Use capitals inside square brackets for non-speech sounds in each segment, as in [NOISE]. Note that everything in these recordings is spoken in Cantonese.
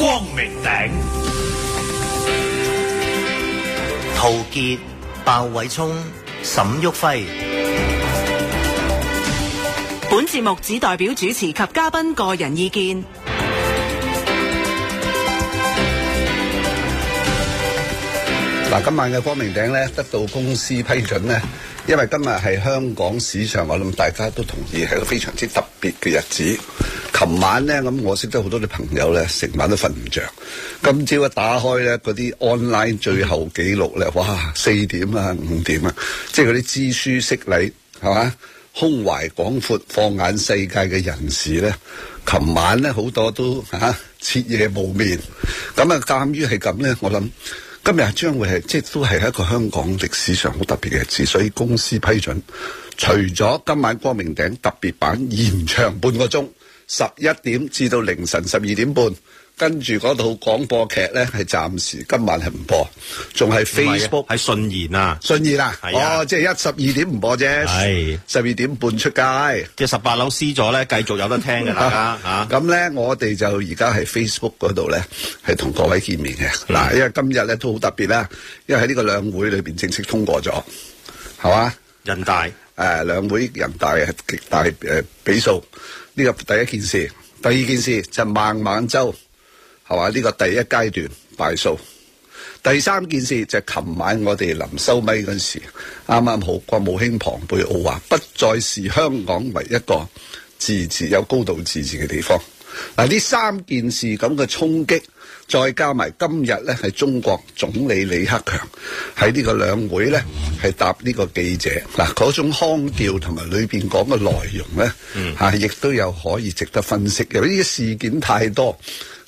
光明頂，陶傑、鮑偉聰、沈旭輝，本節目只代表主持及嘉賓個人意見。嗱，今晚嘅光明頂咧，得到公司批准咧，因為今日係香港市場，我諗大家都同意係一個非常之特別嘅日子。琴晚咧，咁我識得好多啲朋友咧，成晚都瞓唔着。今朝一打開咧，嗰啲 online 最後記錄咧，哇，四點啊，五點啊，即係嗰啲知書識禮，係嘛，胸懷廣闊，放眼世界嘅人士咧，琴晚咧好多都吓、啊、徹夜無眠。咁啊，鑒於係咁咧，我諗今日將會係即係都係一個香港歷史上好特別嘅日子，所以公司批准，除咗今晚光明頂特別版延長半個鐘。十一點至到凌晨十二點半，跟住嗰套廣播劇咧係暫時今晚係唔播，仲係 Facebook 係順延啊，順延啊，啊，哦，即係一十二點唔播啫，係十二點半出街，即係十八樓 C 座咧，繼續有得聽嘅啦吓。咁、啊、咧、啊，我哋就而家係 Facebook 嗰度咧，係同各位見面嘅嗱、嗯，因為今日咧都好特別啦，因為喺呢個兩會裏邊正式通過咗，係嘛？人大誒，兩、啊、會人大係極大誒、呃、比數。呢個第一件事，第二件事就孟晚舟，係嘛？呢個第一階段敗訴。第三件事就係琴晚我哋臨收咪嗰時，啱啱好國務卿蓬佩奧話，不再是香港為一個自治有高度自治嘅地方。嗱，呢三件事咁嘅衝擊。再加埋今日咧，係中國總理李克強喺呢個兩會咧，係答呢個記者嗱，嗰種腔調同埋裏邊講嘅內容咧，嚇亦都有可以值得分析。由於事件太多，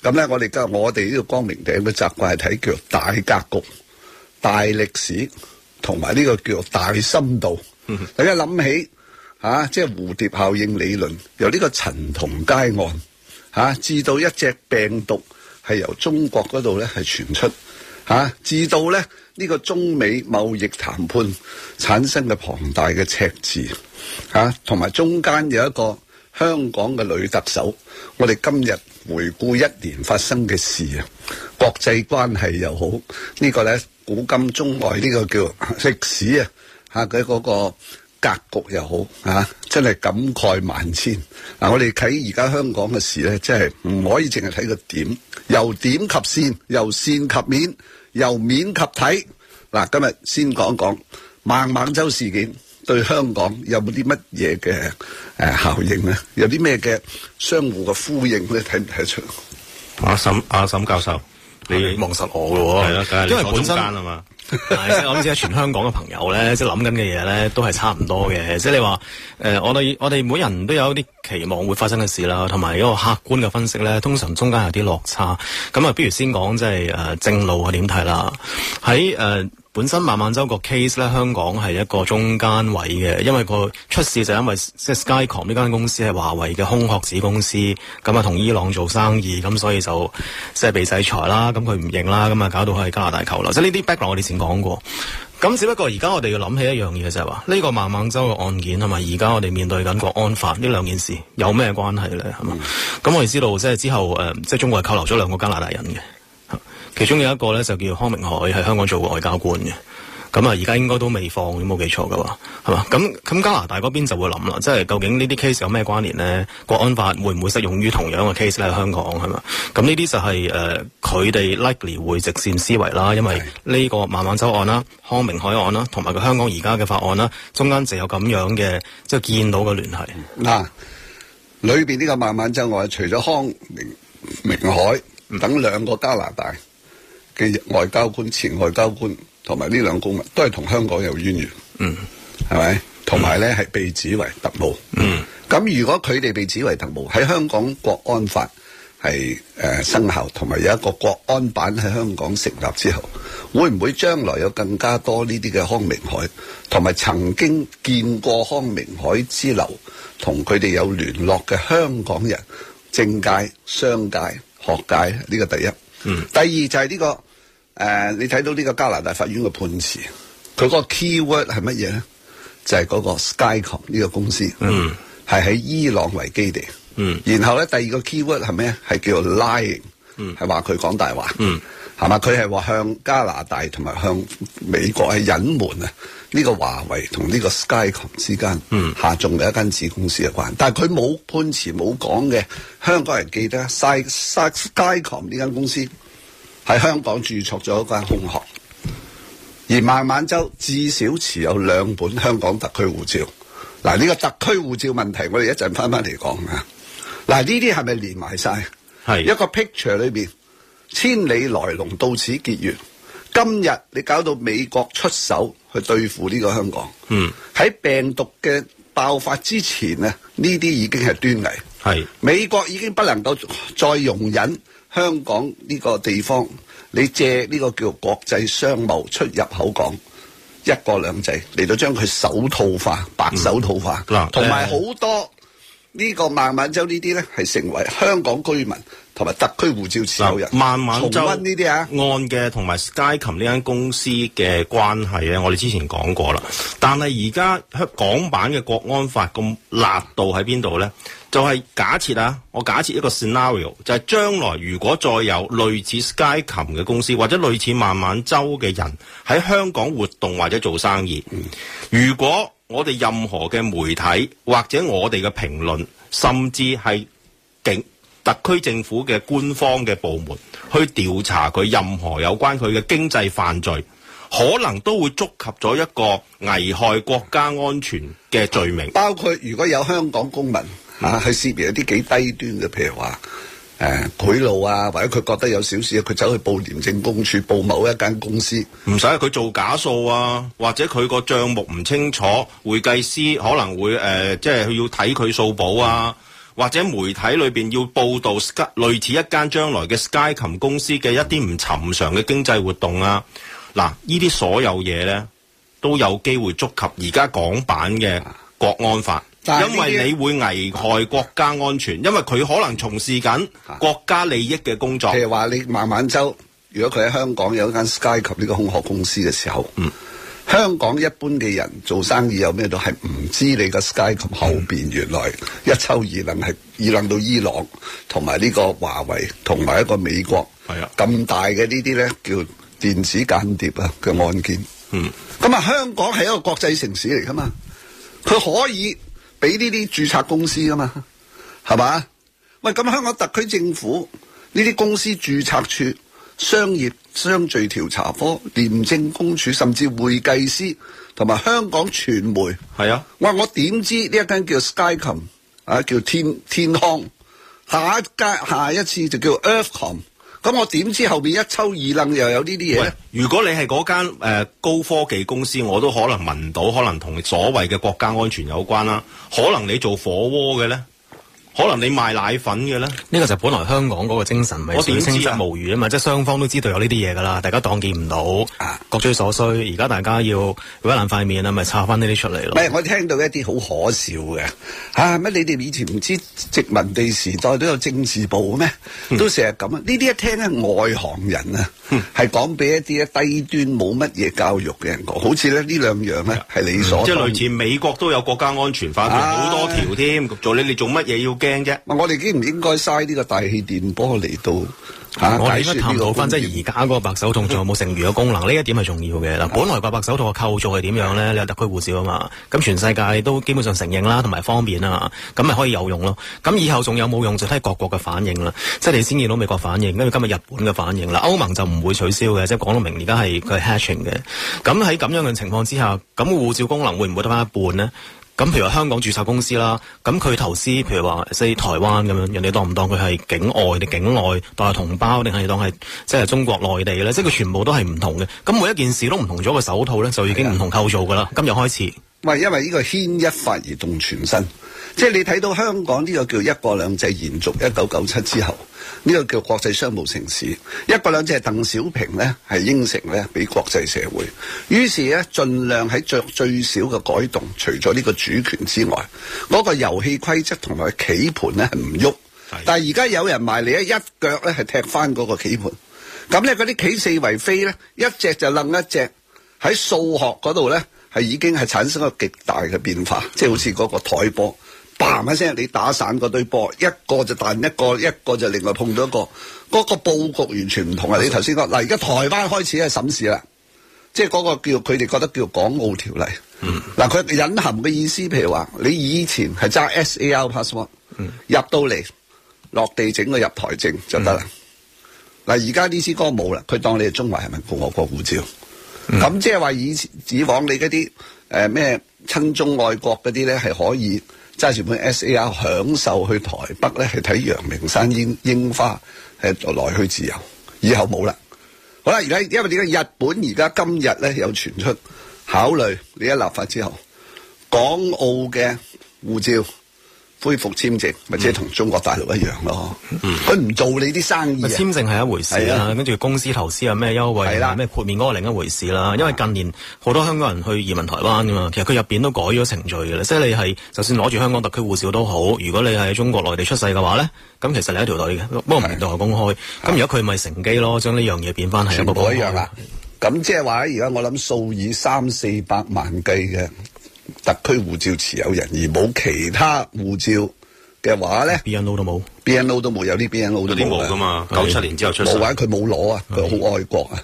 咁咧我哋今我哋呢個光明頂嘅習慣係睇叫大格局、大歷史同埋呢個叫大深度。大家諗起嚇，即係蝴蝶效應理論，由呢個陳同佳案嚇至到一隻病毒，係由中國嗰度咧係傳出，嚇至到咧呢個中美貿易談判產生嘅龐大嘅赤字，嚇同埋中間有一個香港嘅女特首。我哋今日回顧一年發生嘅事啊，國際關係又好，呢個咧古今中外呢個叫歷史啊嚇嘅嗰個格局又好啊，真係感慨萬千。嗱、啊，我哋睇而家香港嘅事咧，真係唔可以淨係睇個點，由點及線，由線及面，由面及體。嗱、啊，今日先講講孟晚舟事件對香港有冇啲乜嘢嘅誒效應咧？有啲咩嘅相互嘅呼應咧？睇唔睇得出？阿沈阿沈教授，你望實、啊、我喎，係啦，因為本身。 [LAUGHS] 但是我諗住，全香港嘅朋友咧，即係諗緊嘅嘢咧，都係差唔多嘅。即係你話，誒、呃，我哋我哋每人都有一啲期望會發生嘅事啦，同埋一個客觀嘅分析咧，通常中間有啲落差。咁啊，不如先講即係誒正路係點睇啦？喺誒。呃本身孟晚舟個 case 咧，香港係一個中間位嘅，因為個出事就係因為即 Skycom 呢間公司係華為嘅空殼子公司，咁啊同伊朗做生意，咁所以就即係被制裁啦，咁佢唔認啦，咁啊搞到佢喺加拿大扣留，即係呢啲 background 我哋前講過。咁只不過而家我哋要諗起一樣嘢就係話，呢個孟晚舟嘅案件同埋而家我哋面對緊國安法呢兩件事有咩關係咧？咁、嗯、我哋知道即係之後誒，即係中國係扣留咗兩個加拿大人嘅。其中有一個咧就叫康明凱，喺香港做過外交官嘅，咁啊而家應該都未放，都冇記錯嘅話，係嘛？咁咁加拿大嗰邊就會諗啦，即係究竟呢啲 case 有咩關聯咧？國安法會唔會適用於同樣嘅 case 咧？喺香港係嘛？咁呢啲就係誒佢哋 likely 會直線思維啦，因為呢個孟晚舟案啦、康明凱案啦，同埋佢香港而家嘅法案啦，中間有就有咁樣嘅即係見到嘅聯繫。嗱，裏、嗯、面呢個孟晚舟案，除咗康明，明凱唔等兩個加拿大。嘅外交官、前外交官同埋呢兩公民都係同香港有淵源，嗯，係咪？同埋咧係被指為特務，嗯。咁如果佢哋被指為特務，喺香港國安法係誒、呃、生效，同埋有一個國安版喺香港成立之後，會唔會將來有更加多呢啲嘅康明海同埋曾經見過康明海之流，同佢哋有聯絡嘅香港人、政界、商界、學界呢、這個第一，嗯。第二就係呢、這個。誒、呃，你睇到呢個加拿大法院嘅判詞，佢個 keyword 係乜嘢咧？就係、是、嗰個 Skycom 呢個公司，係、嗯、喺伊朗為基地。嗯、然後咧，第二個 keyword 係咩？係叫 lying 係、嗯、話佢講大話。係、嗯、嘛？佢係話向加拿大同埋向美國係隱瞞啊，呢個華為同呢個 Skycom 之間、嗯、下仲有一間子公司嘅關係。但係佢冇判詞冇講嘅，香港人記得 Sky Skycom 呢間公司，喺香港註冊咗一間空殼，而孟晚舟至少持有兩本香港特區護照。嗱，呢個特區護照問題，我哋一陣翻翻嚟講啊。嗱，呢啲係咪連埋晒？係一個 picture 裏邊，千里來龍到此結緣。今日你搞到美國出手去對付呢個香港。嗯，喺病毒嘅爆發之前啊，呢啲已經係端倪。係美國已經不能夠再容忍。香港呢個地方，你借呢個叫國際商貿出入口港一國兩制嚟到將佢手套化、白手套化，嗱、嗯，同埋好多個孟晚舟呢個孟晚舟呢啲咧，係成為香港居民同埋特區護照持有人。孟晚舟呢啲啊，案嘅同埋 Skycom 呢間公司嘅關係咧，我哋之前講過啦。但係而家港版嘅國安法咁辣度喺邊度咧？就係、是、假設啊，我假設一個 scenario，就係將來如果再有類似 Sky 琴嘅公司，或者類似慢慢洲嘅人喺香港活動或者做生意，嗯、如果我哋任何嘅媒體或者我哋嘅評論，甚至係警特區政府嘅官方嘅部門去調查佢任何有關佢嘅經濟犯罪，可能都會觸及咗一個危害國家安全嘅罪名。包括如果有香港公民。啊，去涉有啲幾低端嘅，譬如話誒、呃、賄賂啊，或者佢覺得有小事，佢走去報廉政公署報某一間公司，唔使佢做假數啊，或者佢個帳目唔清楚，會計師可能會誒、呃，即係佢要睇佢數簿啊、嗯，或者媒體裏面要報導 Sky，類似一間將來嘅 Skycom 公司嘅一啲唔尋常嘅經濟活動啊，嗱、啊，呢啲所有嘢咧都有機會觸及而家港版嘅國安法。但是因為你會危害國家安全，嗯、因為佢可能從事緊國家利益嘅工作。譬如話你孟晚舟，如果佢喺香港有一間 Sky e 呢個空殼公司嘅時候，嗯，香港一般嘅人做生意有咩都係唔知道你個 Sky e 後邊、嗯、原來一抽二能係二能到伊朗同埋呢個華為同埋一個美國係啊，咁大嘅呢啲咧叫電子間諜啊嘅案件。嗯、咁、嗯、啊，香港係一個國際城市嚟噶嘛，佢、嗯、可以。俾呢啲註冊公司啊嘛，係嘛？喂，咁香港特區政府呢啲公司註冊處、商業商罪調查科、廉政公署，甚至會計師同埋香港傳媒，係啊！我話我點知呢一間叫 Skycom 啊，叫天天康，下一間下一次就叫 Earthcom。咁我點知後面一抽二楞又有呢啲嘢咧？如果你係嗰間誒高科技公司，我都可能聞到，可能同所謂嘅國家安全有關啦。可能你做火鍋嘅咧？可能你賣奶粉嘅咧？呢、這個就本來香港嗰個精神我，咪水清則無魚啊嘛！即係雙方都知道有呢啲嘢噶啦，大家當見唔到，啊，各取所需。而家大家要搵爛塊面啊，咪插翻呢啲出嚟咯。係，我聽到一啲好可笑嘅吓乜？你哋以前唔知殖民地時代都有政治部咩、嗯？都成日咁啊！呢啲一聽咧，外行人啊，係講俾一啲低端冇乜嘢教育嘅人講，好似咧呢兩樣呢，係、嗯、你所即係類似美國都有國家安全法好、啊、多條添，你做你你做乜嘢要？驚啫，我哋應唔應該嘥呢個大氣電波嚟到、嗯？我哋應該探討翻，即係而家嗰個白手套仲有冇剩餘嘅功能？呢 [LAUGHS] 一點係重要嘅。嗱，本來個白手套嘅構造係點樣咧？你有特區護照啊嘛？咁全世界都基本上承認啦，同埋方便啊，咁咪可以有用咯。咁以後仲有冇用就睇各國嘅反應啦。即係你先見到美國反應，跟住今日日本嘅反應啦。歐盟就唔會取消嘅，即係講到明而家係佢 hatching 嘅。咁喺咁樣嘅情況之下，咁護照功能會唔會得翻一半咧？咁譬如話香港註冊公司啦，咁佢投資譬如話即係台灣咁樣，人哋當唔當佢係境外定境外當係同胞，定係當係即係中國內地咧？即係佢全部都係唔同嘅。咁每一件事都唔同咗個手套咧，就已經唔同構造噶啦。今日開始，喂，因為呢個牽一髮而動全身，即係你睇到香港呢個叫一國兩制延續一九九七之後。呢、這個叫國際商務城市，一國兩制鄧小平咧係應承咧俾國際社會，於是咧盡量喺最最少嘅改動，除咗呢個主權之外，嗰、那個遊戲規則同埋棋盤咧係唔喐，但係而家有人埋嚟咧一腳咧係踢翻嗰個棋盤，咁咧嗰啲棋四圍飛咧一隻就掕一隻喺數學嗰度咧係已經係產生咗極大嘅變化，嗯、即係好似嗰個台波。嘭一聲，你打散嗰堆波，一個就彈一個，一個就另外碰到一個，嗰、那個佈局完全唔同啊！你頭先講嗱，而家台灣開始係審視啦，即係嗰個叫佢哋覺得叫港澳條例。嗱，佢隱含嘅意思，譬如話你以前係揸 S A R passport 入到嚟落地整個入台證就得啦。嗱，而家呢支歌冇啦，佢當你係中華人民共和國護照。咁、嗯、即係話以以往你嗰啲誒咩親中愛國嗰啲咧係可以。揸住本 S A R 享受去台北咧，去睇陽明山櫻櫻花，係來去自由。以後冇啦。好啦，而家因為點解日本而家今日咧有傳出考慮呢一立法之後港澳嘅護照。恢復簽證，或者同中國大陸一樣咯，佢、嗯、唔做你啲生意、啊。簽證係一回事啊，跟住、啊、公司投資有咩優惠，咩、啊、豁免嗰個另一回事啦、啊啊。因為近年好多香港人去移民台灣噶嘛、啊，其實佢入邊都改咗程序㗎啦。即、就、係、是、你係，就算攞住香港特區護照都好，如果你係中國內地出世嘅話咧，咁其實你一條隊嘅，不過唔係係公開。咁而家佢咪乘機咯，將呢樣嘢變翻係一,一樣啦。咁即係話而家我諗數以三四百萬計嘅。特區護照持有人而冇其他護照嘅話咧，B N O 都冇，B N O 都冇有啲 B N O 都冇噶嘛。九七年之後出世，冇話者佢冇攞啊，佢好愛國啊，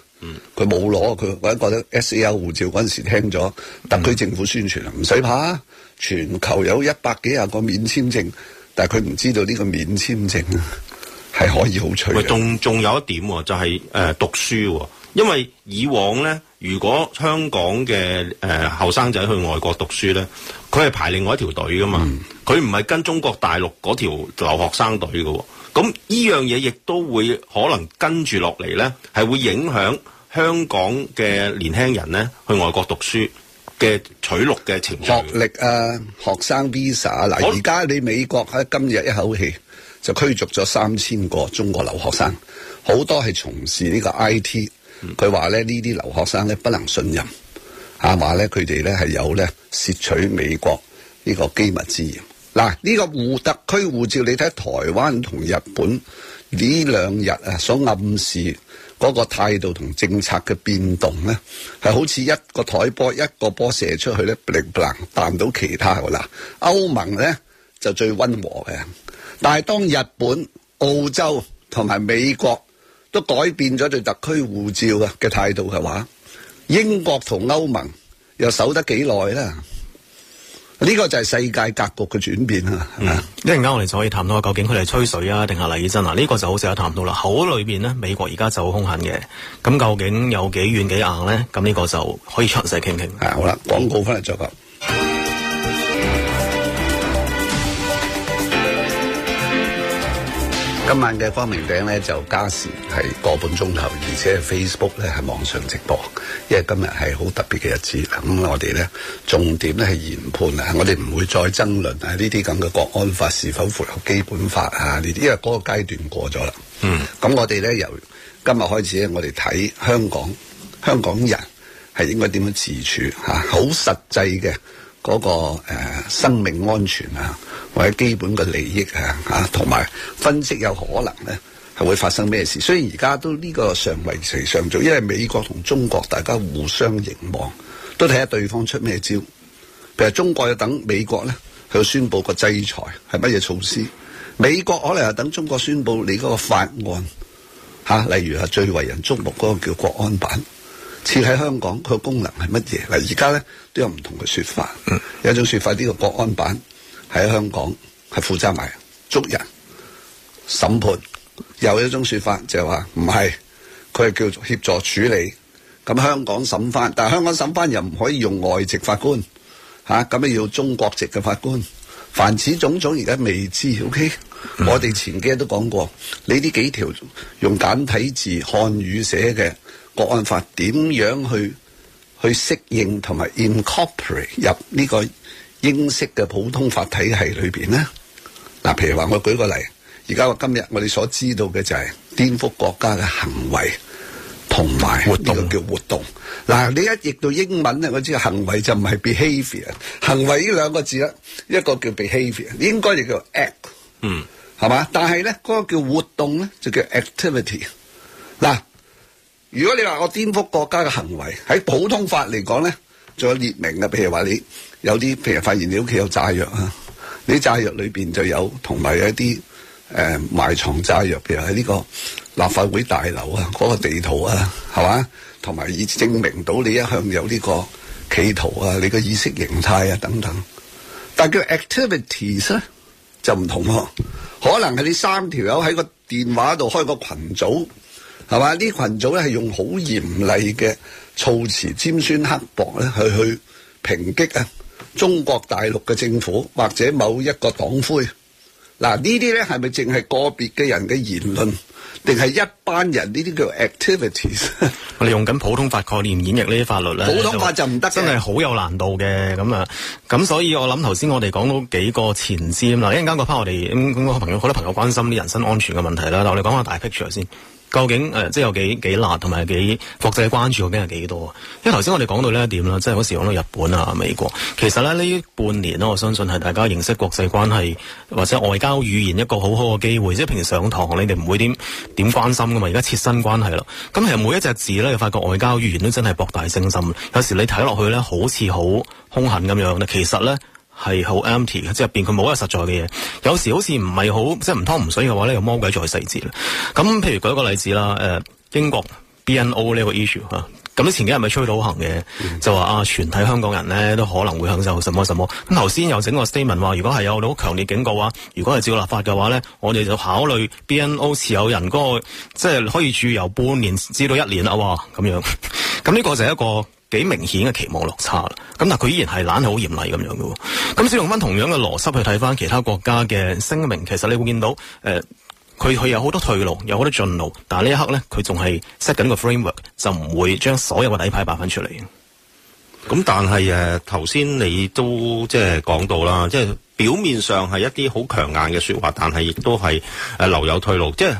佢冇攞佢，或者覺得 S A L 護照嗰陣時聽咗特區政府宣傳啊，唔、嗯、使怕，全球有一百幾十個免簽證，但係佢唔知道呢個免簽證係可以好脆。仲仲有一點就係、是、誒、呃、讀書。因為以往咧，如果香港嘅誒後生仔去外國讀書咧，佢係排另外一條隊噶嘛，佢唔係跟中國大陸嗰條留學生隊嘅、哦。咁呢樣嘢亦都會可能跟住落嚟咧，係會影響香港嘅年輕人咧、嗯、去外國讀書嘅取錄嘅情況。學歷啊，學生 visa 嗱、啊，而家你美國喺、啊、今日一口氣就驅逐咗三千個中國留學生，好、嗯、多係從事呢個 IT。佢話咧，呢啲留學生咧不能信任，啊，話咧佢哋咧係有咧竊取美國呢個機密之嫌。嗱、這、呢個護特區護照，你睇台灣同日本呢兩日啊所暗示嗰個態度同政策嘅變動咧，係好似一個枱波一個波射出去咧，不靈不靈彈到其他噶啦。歐盟咧就最溫和嘅，但係當日本、澳洲同埋美國。都改變咗對特區護照嘅態度嘅話，英國同歐盟又守得幾耐咧？呢、這個就係世界格局嘅轉變啦。嗯、一陣間我哋就可以談到究竟佢哋吹水啊定係黎以真啊？呢、這個就好似有談到啦。口裏邊咧，美國而家就好兇狠嘅，咁究竟有幾軟幾硬咧？咁呢個就可以詳細傾傾。係、嗯、好啦，廣告翻嚟再講。今晚嘅光明頂咧就加時係個半鐘頭，而且係 Facebook 咧，係網上直播，因為今日係好特別嘅日子。咁我哋咧重點咧係研判啊，我哋唔會再爭論啊呢啲咁嘅國安法是否符合基本法啊呢啲，因為嗰個階段過咗啦。嗯，咁我哋咧由今日開始咧，我哋睇香港香港人係應該點樣自處吓，好，啊，實際嘅。嗰、那個、呃、生命安全啊，或者基本嘅利益啊，嚇同埋分析有可能咧，係會發生咩事？雖然而家都呢個尚為時尚早，因為美國同中國大家互相凝望，都睇下對方出咩招。譬如中國要等美國咧去宣布個制裁係乜嘢措施，美國可能係等中國宣布你嗰個法案嚇、啊，例如係最為人矚目嗰個叫國安版。設喺香港，佢嘅功能係乜嘢？嗱，而家咧都有唔同嘅說法。有一種說法，呢、這個國安版喺香港係負責埋捉人、審判。又有一種說法就係話唔係，佢係叫做協助處理。咁香港審翻，但係香港審翻又唔可以用外籍法官吓，咁、啊、咪要中國籍嘅法官。凡此種種，而家未知。O、OK? K，、嗯、我哋前幾日都講過，呢啲幾條用簡體字漢語寫嘅。國安法點樣去去適應同埋 incorporate 入呢個英式嘅普通法體系裏邊呢？嗱，譬如話我舉個例，而家我今日我哋所知道嘅就係顛覆國家嘅行為同埋活動，叫活動。嗱，你一譯到英文咧，我知道行為就唔係 behavior，行為呢兩個字咧，一個叫 behavior，應該就叫 act，嗯，係嘛？但係咧，嗰個叫活動咧，就叫 activity，嗱。如果你話個顛覆國家嘅行為喺普通法嚟講咧，仲有列明啊，譬如話你有啲譬如發現你屋企有炸藥啊，你炸藥裏邊就有同、呃、埋一啲誒埋藏炸藥譬如喺呢個立法會大樓啊，嗰、那個地圖啊，係嘛，同埋以證明到你一向有呢個企圖啊，你嘅意識形態啊等等。但係叫 activities 咧、啊、就唔同喎，可能係你三條友喺個電話度開個群組。係嘛？呢群組咧係用好嚴厲嘅措辭、尖酸刻薄咧，去去抨擊啊中國大陸嘅政府或者某一個黨魁嗱。呢啲咧係咪淨係個別嘅人嘅言論，定係一班人呢啲叫 activities？我哋用緊普通法概念演繹呢啲法律咧，普通法就唔得嘅，真係好有難度嘅咁啊。咁所以，我諗頭先我哋講到幾個前知啦。一陣間啱啱講翻我哋咁咁，我個朋友好多朋友關心啲人身安全嘅問題啦。嗱，我哋講下大 picture 先。究竟誒、呃，即係有幾幾辣，同埋幾國際關注究竟係幾多啊？因為頭先我哋講到呢一點啦，即係嗰時講到日本啊、美國，其實咧呢一半年咧，我相信係大家認識國際關係或者外交語言一個好好嘅機會。即係平時上堂你哋唔會點點關心噶嘛，而家切身關係啦。咁其實每一隻字咧，就發覺外交語言都真係博大精深。有時你睇落去咧，好似好兇狠咁樣咧，其實咧。係好 empty 嘅，即係入邊佢冇一個實在嘅嘢。有時好似唔係好，即係唔湯唔水嘅話咧，又魔鬼在細節啦。咁譬如舉一個例子啦，誒，英國 BNO 呢個 issue 吓，咁你前幾日咪吹到好行嘅、嗯，就話啊，全體香港人咧都可能會享受什麼什麼。咁頭先又整個 statement 話，如果係有到強烈警告話，如果係照立法嘅話咧，我哋就考慮 BNO 持有人嗰個，即係可以住由半年至到一年啊，咁樣。咁呢個就係一個幾明顯嘅期望落差啦，咁但佢依然係懶係好嚴厲咁樣嘅，咁使用翻同樣嘅邏輯去睇翻其他國家嘅聲明，其實你會見到，誒、呃，佢佢有好多退路，有好多進路，但係呢一刻咧，佢仲係 set 緊個 framework，就唔會將所有嘅底牌擺翻出嚟。咁但係誒，頭、呃、先你都即係講到啦，即係表面上係一啲好強硬嘅說話，但係亦都係誒留有退路，即係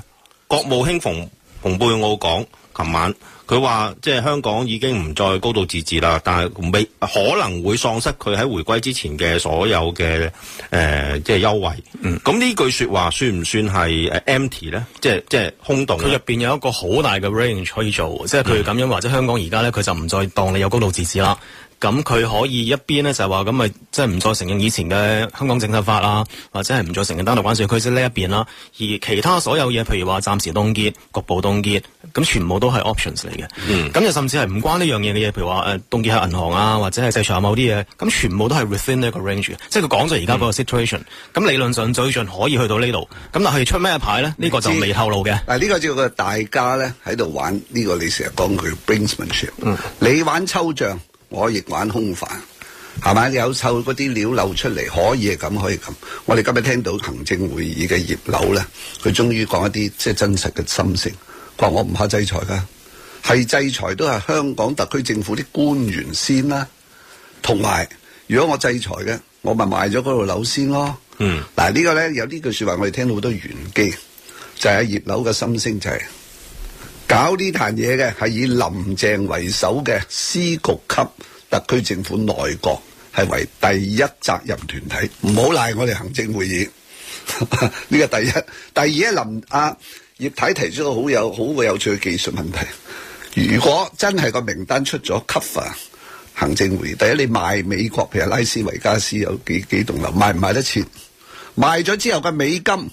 國務卿蓬蓬佩奧講，琴晚。佢話：即係香港已經唔再高度自治啦，但係未可能會喪失佢喺回歸之前嘅所有嘅誒、呃，即係優惠。咁、嗯、呢句說話算唔算係 empty 咧？即係即係空洞。佢入面有一個好大嘅 range 可以做，即係佢咁樣或者香港而家咧，佢就唔再當你有高度自治啦。咁佢可以一邊咧就係話咁咪即係唔再承認以前嘅香港政策法啦，或者係唔再承認單獨關稅區即係呢一邊啦。而其他所有嘢，譬如話暫時凍結、局部凍結，咁全部都係 options 嚟嘅。嗯，咁就甚至係唔關呢樣嘢嘅嘢，譬如話誒凍結喺銀行啊，或者係制裁下某啲嘢，咁全部都係 within 呢一個 range，即係佢講咗而家嗰個 situation、嗯。咁理論上最盡可以去到呢度，咁但係出咩牌咧？呢個就未透露嘅。嗱，呢個叫個大家咧喺度玩呢、這個，你成日講佢 brinkmanship、嗯。你玩抽象。我亦玩空泛，係咪有臭嗰啲料漏出嚟？可以係咁，可以咁。我哋今日聽到行政會議嘅葉劉咧，佢終於講一啲即係真實嘅心聲。佢話：我唔怕制裁㗎，係制裁都係香港特區政府啲官員先啦。同埋，如果我制裁嘅，我咪賣咗嗰度樓先咯。嗯，嗱、這個、呢個咧有呢句說話，我哋聽到好多玄機，就係葉劉嘅心聲係、就係。搞呢壇嘢嘅係以林鄭為首嘅司局級特區政府內閣係為第一責任團體。唔好賴我哋行政會議呢個第一。第二咧，林阿、啊、葉太提出個好有好會有趣嘅技術問題。如果真係個名單出咗 cover，行政會議第一，你賣美國，譬如拉斯維加斯有幾幾棟樓賣唔賣得切？賣咗之後嘅美金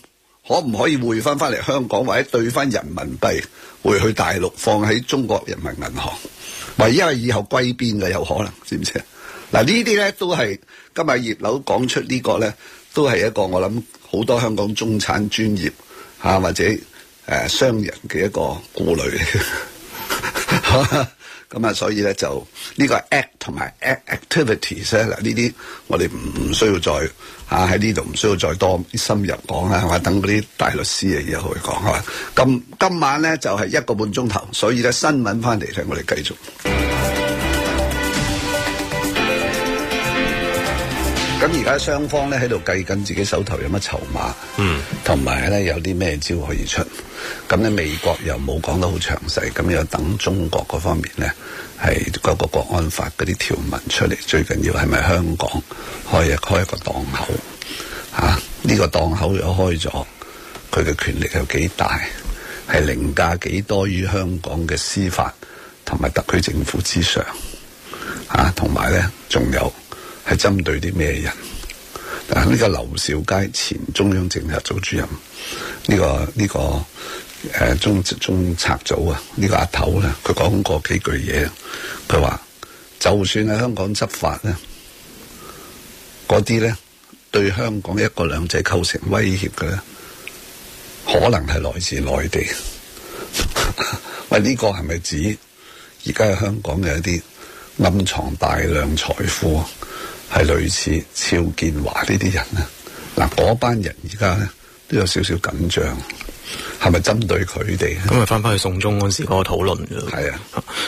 可唔可以匯翻翻嚟香港或者兌翻人民幣？會去大陸放喺中國人民銀行，唯一以後歸邊嘅有可能，知唔知啊？嗱呢啲咧都係今日葉劉講出呢、這個咧，都係一個我諗好多香港中產專業或者誒商人嘅一個顧慮。咁啊，所以咧就呢、這個 act 同埋 act activities 咧，嗱呢啲我哋唔需要再。啊！喺呢度唔需要再多深入講啦，係嘛？等嗰啲大律師嘅嘢去講嚇。咁今晚咧就係一個半鐘頭，所以咧新聞翻嚟咧我哋繼續。咁而家雙方咧喺度計緊自己手頭有乜籌碼，嗯，同埋咧有啲咩招可以出。咁咧美國又冇講得好詳細，咁又等中國嗰方面咧係嗰個國安法嗰啲條文出嚟。最緊要係咪香港開一開一個檔口？吓，啊，呢，這個檔口又開咗，佢嘅權力又幾大，係凌駕幾多於香港嘅司法同埋特區政府之上？啊，同埋咧仲有。係針對啲咩人？但呢個劉兆佳前中央政策組主任呢、這個呢、這個誒、呃、中中策組啊呢、這個阿頭咧，佢講過幾句嘢。佢話就算喺香港執法咧，嗰啲咧對香港一個兩者構成威脅嘅咧，可能係來自內地。 [LAUGHS] 喂，呢、這個係咪指而家香港嘅一啲暗藏大量財富？係類似趙建華呢啲人，那些人是是啊，嗱嗰班人而家咧都有少少緊張，係咪針對佢哋？咁啊，翻翻去送中嗰時嗰個討論嘅，係啊。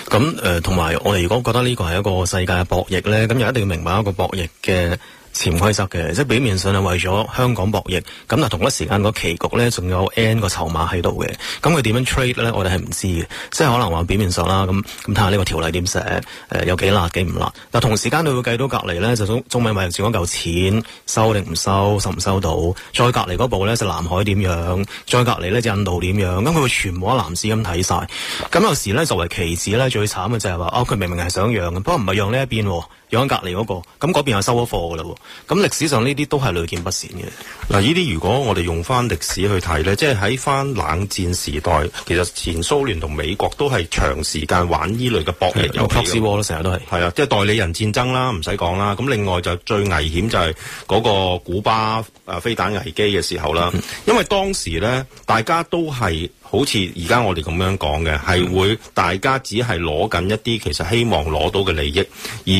咁誒，同埋我哋如果覺得呢個係一個世界嘅博弈咧，咁又一定要明白一個博弈嘅。潛規則嘅，即係表面上係為咗香港博弈，咁但同一時間個棋局咧，仲有 N 個籌碼喺度嘅，咁佢點樣 trade 咧？我哋係唔知嘅，即係可能話表面上啦，咁咁睇下呢個條例點寫，誒有幾辣幾唔辣。但同時間佢會計到隔離咧，就中中美維持一嚿錢收定唔收，收唔收到？再隔離嗰步咧就南海點樣？再隔離咧就印度點樣？咁佢會全部一覽視咁睇晒。咁有時咧作為棋子咧最慘嘅就係話，哦佢明明係想讓嘅，不過唔係讓呢一邊，讓緊隔離嗰、嗰個，咁嗰邊又收咗貨㗎啦。咁歷史上呢啲都係屢見不鮮嘅。嗱，呢啲如果我哋用翻歷史去睇咧，即係喺翻冷戰時代，其實前蘇聯同美國都係長時間玩呢類嘅博弈遊戲咯，成日都係。係啊，即係代理人戰爭啦，唔使講啦。咁另外就最危險就係嗰個古巴誒飛彈危機嘅時候啦。 [LAUGHS] 因為當時咧，大家都係好似而家我哋咁樣講嘅，係 [LAUGHS] 會大家只係攞緊一啲其實希望攞到嘅利益，而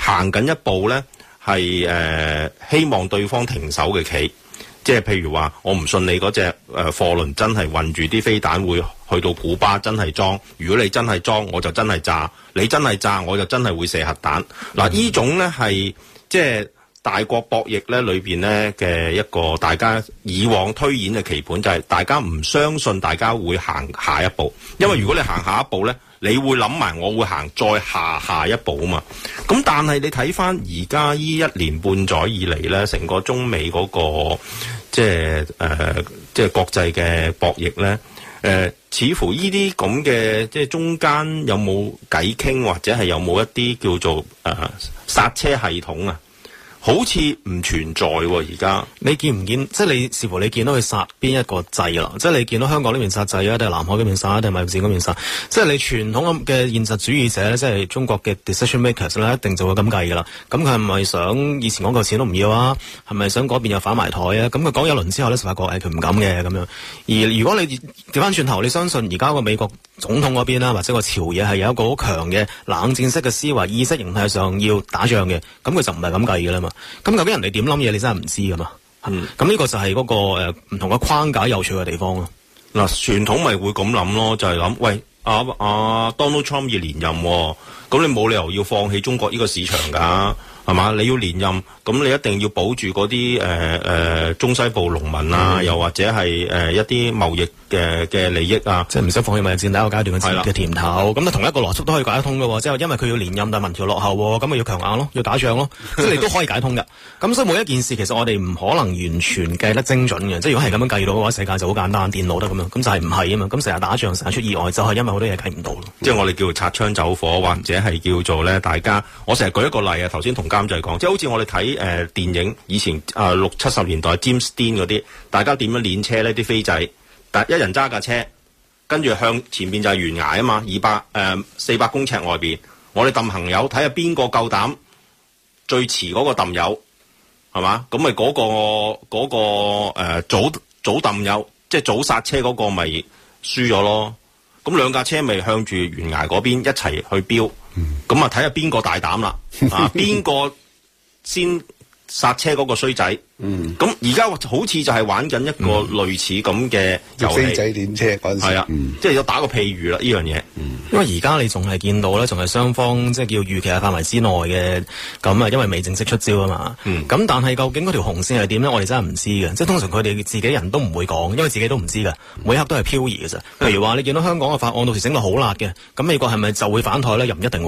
行緊一步咧。係誒、呃、希望對方停手嘅棋，即係譬如話，我唔信你嗰隻誒、呃、貨輪真係運住啲飛彈會去到古巴真係裝。如果你真係裝，我就真係炸；你真係炸，我就真係會射核彈。嗱、嗯，呢種呢係即係大國博弈呢裏面呢嘅一個大家以往推演嘅棋盤，就係、是、大家唔相信大家會行下一步，因為如果你行下一步、嗯、呢。你會諗埋我會行再下下一步啊嘛，咁但係你睇返而家依一年半載以嚟咧，成個中美嗰、那個即係誒，即係、呃、國際嘅博弈咧，誒、呃，似乎呢啲咁嘅即係中間有冇偈傾，或者係有冇一啲叫做誒剎、呃、車系統啊？好似唔存在喎、啊，而家你見唔見？即係你似乎你見到佢殺邊一個掣啦？即係你見到香港呢邊殺掣啊，定係南海呢邊殺，定係馬自嗰邊殺？即係你傳統嘅現實主義者咧，即係中國嘅 decision makers 咧，一定就會咁計噶啦。咁佢係咪想以前講過錢都唔要啊？係咪想嗰邊又反埋台啊？咁佢講一輪之後咧，就發覺誒，佢、哎、唔敢嘅咁樣。而如果你調翻轉頭，你相信而家個美國總統嗰邊啦，或者個朝野係有一個好強嘅冷戰式嘅思維，意識形態上要打仗嘅，咁佢就唔係咁計噶啦嘛。咁究竟人哋點諗嘢，你真係唔知噶嘛？嗯，咁呢個就係嗰個誒唔同嘅框架有趣嘅地方咯。嗱、嗯，傳統咪會咁諗咯，就係諗，喂，阿阿 Donald Trump 要連任，咁你冇理由要放棄中國呢個市場噶。 [LAUGHS] 係嘛？你要連任，咁你一定要保住嗰啲誒中西部農民啊，嗯、又或者係、呃、一啲貿易嘅嘅利益啊，即係唔使放棄貿易戰第一個階段嘅嘅甜頭。咁啊，就同一個邏輯都可以解得通嘅、哦，即係因為佢要連任，但民調落後、哦，咁咪要強硬咯，要打仗咯，即 [LAUGHS] 係你都可以解通㗎。咁所以每一件事，其實我哋唔可能完全計得精準嘅。即如果係咁樣計到嘅話，世界就好簡單，電腦都咁樣，咁就係唔係啊嘛？咁成日打仗，成日出意外，就係、是、因為好多嘢計唔到咯、嗯。即我哋叫做擦槍走火，或者係叫做咧，大家我成日舉一個例啊。頭先同監製講，即好似我哋睇誒電影，以前啊六七十年代 James Dean 嗰啲，大家點樣練車呢啲飛仔，但一人揸架車，跟住向前邊就係懸崖啊嘛，二百誒四百公尺外邊，我哋揼朋友睇下邊個夠膽，最遲嗰個揼友。係嘛？咁咪嗰個嗰、嗰個誒、呃，早早抌有，即係早剎車嗰個咪輸咗咯。咁兩架車咪向住懸崖嗰邊一齊去飆，咁、嗯、 [LAUGHS] 啊睇下邊個大膽啦，邊個先剎車嗰個衰仔。嗯，咁而家好似就係玩緊一個類似咁嘅遊戲仔點車係啊，嗯、即係有打個譬如啦呢樣嘢。因為而家你仲係見到咧，仲係雙方即係叫預期嘅範圍之內嘅。咁啊，因為未正式出招啊嘛。咁、嗯、但係究竟嗰條紅線係點咧？我哋真係唔知嘅。即、嗯、係通常佢哋自己人都唔會講，因為自己都唔知噶。每一刻都係飄移嘅啫。譬、嗯、如話你見到香港嘅法案到時整到好辣嘅，咁美國係咪就會反台咧？又唔一定。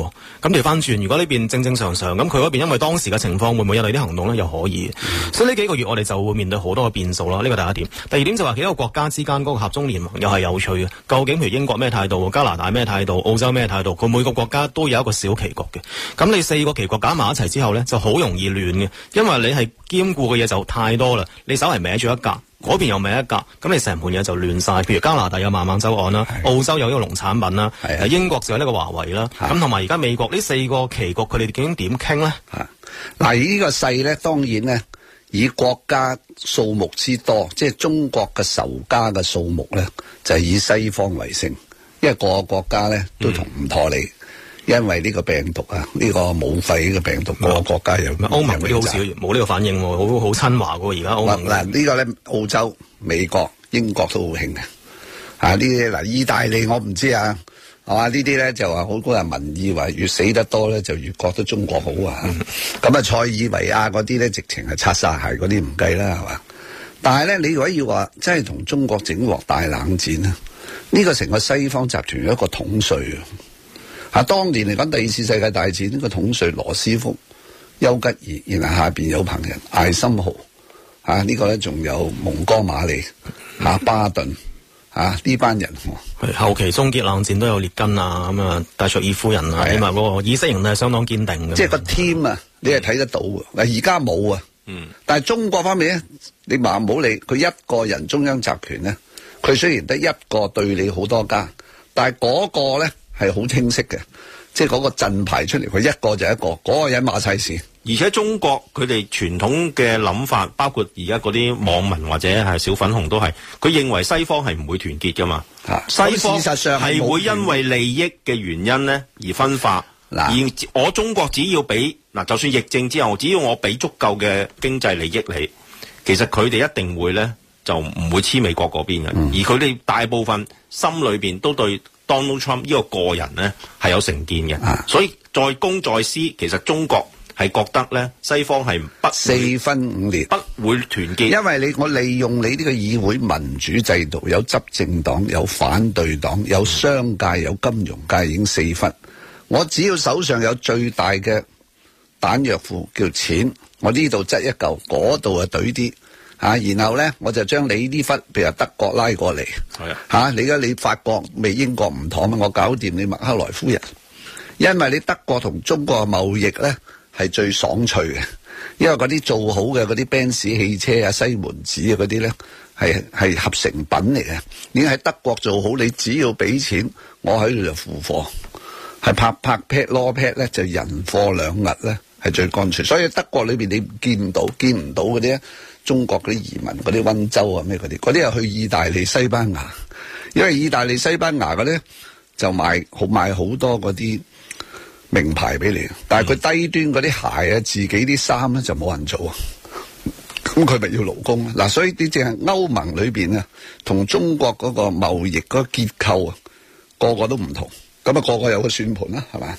咁調翻轉，如果呢邊正正常常，常，咁佢嗰邊因為當時嘅情況，會唔會有啲行動咧？又可以。嗯、所以呢？呢個月我哋就會面對好多嘅變數啦，呢、這個第一點。第二點就話、是、幾個國家之間嗰個合中聯盟又係有趣嘅。究竟譬如英國咩態度，加拿大咩態度，澳洲咩態度？佢每個國家都有一個小棋局嘅。咁你四個棋局攪埋一齊之後呢，就好容易亂嘅，因為你係兼顧嘅嘢就太多啦。你稍為歪住一格，嗰、嗯、邊又歪一格，咁你成盤嘢就亂晒。譬如加拿大有孟晚舟案啦，澳洲有呢個農產品啦，英國就有呢個華為啦。咁同埋而家美國呢四個棋局，佢哋究竟點傾呢？嗱，呢個勢呢，當然呢。以國家數目之多，即係中國嘅仇家嘅數目咧，就係、是、以西方為勝，因為個個國家咧都同唔妥你、嗯，因為呢個病毒啊，呢個武肺呢個病毒，這個毒、嗯、個個國家有歐盟好少冇呢個反應，好好親華嘅而家。歐盟，嗱，呢個咧澳洲、美國、英國都好興嘅，啊呢啲嗱，意大利我唔知啊。係嘛？呢啲咧就話好多人民以為越死得多咧，就越覺得中國好啊。咁啊，塞爾維亞嗰啲咧，直情係擦晒鞋嗰啲唔計啦，係嘛？但係咧，你如果要話真係同中國整鑊大冷戰啊，呢、這個成個西方集團有一個統帥啊。當年嚟講第二次世界大戰呢、這個統帥羅斯福、丘吉爾，然後下面有棚人艾森豪啊，呢、這個咧仲有蒙哥馬利、巴頓。吓、啊、呢班人，後期終結冷戰都有列根啊，咁啊，戴卓爾夫人啊，起碼嗰個意識形態係相當堅定嘅。即、就、係、是、個 team 啊，你係睇得到嘅，嗱而家冇啊，嗯，但係中國方面咧，你話唔好理佢一個人中央集權咧，佢雖然得一個對你好多家，但係嗰個咧係好清晰嘅，即係嗰個陣排出嚟，佢一個就一個，嗰、那個人馬晒事。而且，中國佢哋傳統嘅諗法，包括而家嗰啲網民或者係小粉紅都係，佢認為西方係唔會團結噶嘛、啊。西方事實上係會因為利益嘅原因咧而分化。嗱、啊，而我中國只要俾嗱，就算疫症之後，只要我俾足夠嘅經濟利益你，其實佢哋一定會咧就唔會黐美國嗰邊嘅。而佢哋大部分心裏邊都對 Donald Trump 呢個個人咧係有成見嘅、啊，所以在公在私其實中國。係覺得咧，西方係四分五裂，不會團結。因為你我利用你呢個議會民主制度，有執政黨，有反對黨，有商界，有金融界，已經四分。我只要手上有最大嘅彈藥庫，叫錢。我呢度執一嚿，嗰度啊懟啲吓，然後咧我就將你呢忽，譬如德國拉過嚟係啊吓，你而家你法國未英國唔妥嘛？我搞掂你麥克萊夫人，因為你德國同中國嘅貿易咧。係最爽脆嘅，因為嗰啲做好嘅嗰啲 Benz 汽車啊、西門子啊嗰啲咧係合成品嚟嘅，已經喺德國做好，你只要俾錢，我喺度就付貨，係拍拍 pat l o w pat 咧，就人貨兩訖咧係最乾脆。所以德國裏面你見唔到見唔到嗰啲中國嗰啲移民嗰啲溫州啊咩嗰啲。嗰啲係去意大利、西班牙，因為意大利、西班牙嘅咧就買好買好多嗰啲。名牌俾你，但係佢低端嗰啲鞋啊，自己啲衫咧就冇人做啊，咁佢咪要勞工啊？嗱，所以呢只係歐盟裏邊啊，同中國嗰個貿易嗰個結構啊，個個都唔同，咁、那、啊個個有個算盤啦，係咪？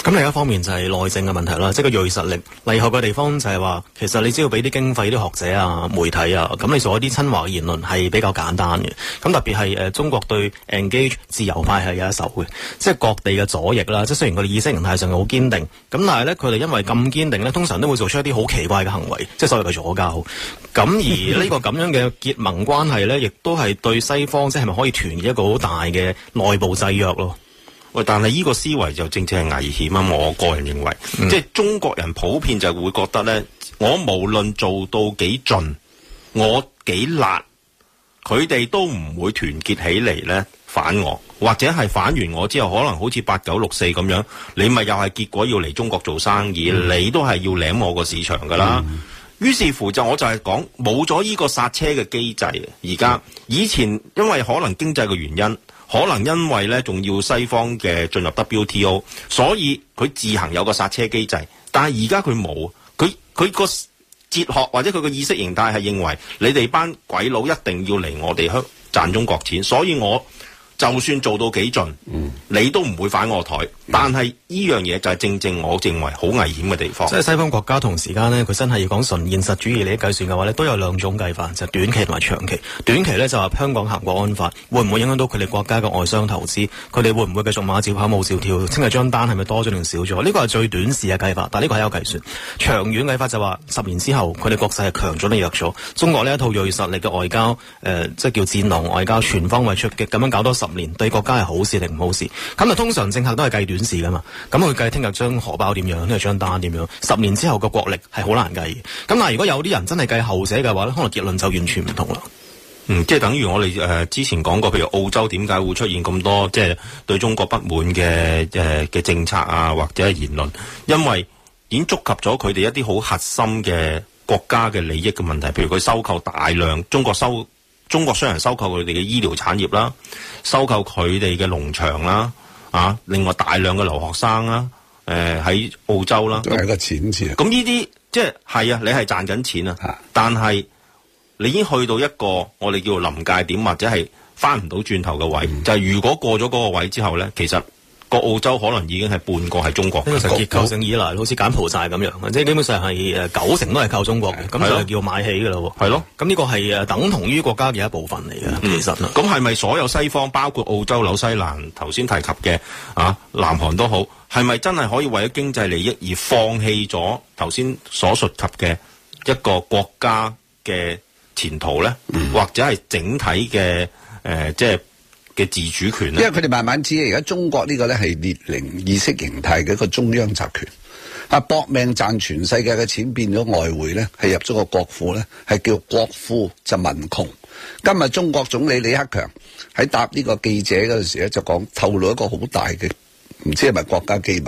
咁另一方面就係內政嘅問題啦，即係個銳實力厲害嘅地方就係話，其實你只要俾啲經費啲學者啊、媒體啊，咁你做一啲親華嘅言論係比較簡單嘅。咁特別係誒，中國對 engage 自由派係有一手嘅，即係各地嘅左翼啦。即係雖然佢哋意識形態上好堅定，咁但係咧，佢哋因為咁堅定咧，通常都會做出一啲好奇怪嘅行為，即係所謂嘅左教。咁而呢個咁樣嘅結盟關係咧，亦都係對西方即係咪可以團結一個好大嘅內部制約咯？喂，但係呢個思維就正正係危險啊！我個人認為，嗯、即係中國人普遍就會覺得呢：「我無論做到幾盡，我幾辣，佢哋都唔會團結起嚟呢反我，或者係反完我之後，可能好似八九六四咁樣，你咪又係結果要嚟中國做生意，嗯、你都係要舐我個市場噶啦。於、嗯、是乎就我就係講，冇咗呢個剎車嘅機制。而家以前因為可能經濟嘅原因。可能因為咧仲要西方嘅進入 WTO，所以佢自行有個刹車機制。但係而家佢冇，佢佢個哲學或者佢個意識形態係認為你哋班鬼佬一定要嚟我哋香港賺中國錢，所以我就算做到幾盡，嗯，你都唔會反我台。但係呢樣嘢就係正正我認為好危險嘅地方。即係西方國家同時間呢，佢真係要講純現實主義嚟計算嘅話呢，都有兩種計法，就係，短期同埋長期。短期呢，就話香港行國安法，會唔會影響到佢哋國家嘅外商投資？佢哋會唔會繼續馬照跑、舞照跳？清係張單係咪多咗定少咗？呢、呢個係最短視嘅計法，但呢個係有計算。長遠計法就話十年之後，佢哋國勢係強咗定弱咗？中國呢一套銳實力嘅外交，誒、呃，即係叫戰狼外交，全方位出擊，咁樣搞多十年，對國家係好事定唔好事？咁啊，通常政客都係計短。事噶嘛，咁佢計聽日張荷包點樣，呢張單點樣？十年之後嘅國力係好難計嘅。咁但嗱，如果有啲人真係計後者嘅話咧，可能結論就完全唔同啦。嗯，即係等於我哋誒、呃、之前講過，譬如澳洲點解會出現咁多即係對中國不滿嘅誒嘅政策啊，或者言論，因為已經觸及咗佢哋一啲好核心嘅國家嘅利益嘅問題。譬如佢收購大量中國收中國商人收購佢哋嘅醫療產業啦，收購佢哋嘅農場啦。啊！另外大量嘅留學生啦、啊，誒、呃、喺澳洲啦、啊，都係個錢字。咁呢啲即係係啊，你係賺緊錢啊，是啊，但係你已經去到一個我哋叫做臨界點或者係翻唔到轉頭嘅位，嗯、就係如果過咗嗰個位之後咧，其實。個澳洲可能已經係半個係中、這個、中國，結構性以來好似柬埔寨咁樣，即係基本上係誒九成都係靠中國嘅，咁就叫買起噶啦。係咯，咁呢個係誒等同於國家嘅一部分嚟嘅，嗯。其實，咁係咪所有西方包括澳洲、紐西蘭頭先提及嘅啊、南韓都好，係咪真係可以為咗經濟利益而放棄咗頭先所述及嘅一個國家嘅前途咧，嗯？或者係整體嘅誒、呃，即係。嘅自主權，因為佢哋慢慢知，而家中國呢個咧，係列寧意識形態嘅一個中央集權，啊搏命賺全世界嘅錢變咗外匯咧，係入咗個國庫咧，係叫國富就是民窮。今日中國總理李克強喺答呢個記者嗰陣時咧，就講透露一個好大嘅，唔知係咪國家機密。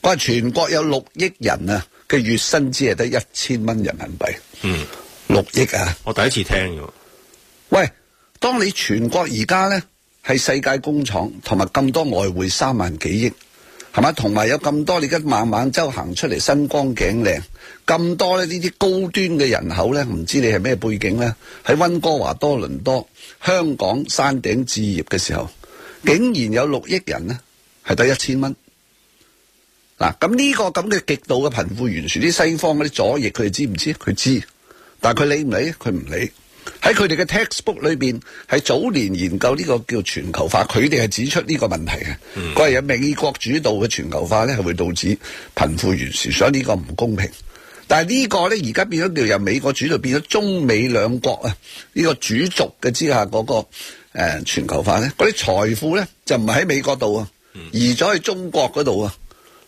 佢話全國有六億人啊，嘅月薪只係得一千蚊人民幣。嗯，六億啊！我第一次聽嘅。喂，當你全國而家咧？係世界工廠，同埋咁多外匯三萬幾億，係咪同埋有咁多，你而家孟晚舟行出嚟，新光景靚咁多咧，呢啲高端嘅人口咧，唔知你係咩背景咧？喺溫哥華多倫多、香港山頂置業嘅時候，竟然有六億人呢，係得一千蚊。嗱，咁呢個咁嘅極度嘅貧富懸殊，啲西方嗰啲左翼佢哋知唔知？佢知，但係佢理唔理？佢唔理。喺佢哋嘅 textbook 裏邊，喺早年研究呢個叫全球化，佢哋係指出呢個問題嘅。佢話、嗯、由美國主導嘅全球化咧，係會導致貧富懸殊，所以呢個唔公平。但係呢個咧，而家變咗叫由美國主導變咗中美兩國啊，呢個主軸嘅之下嗰個誒全球化咧，嗰啲財富咧就唔喺美國度啊，移咗去中國嗰度啊，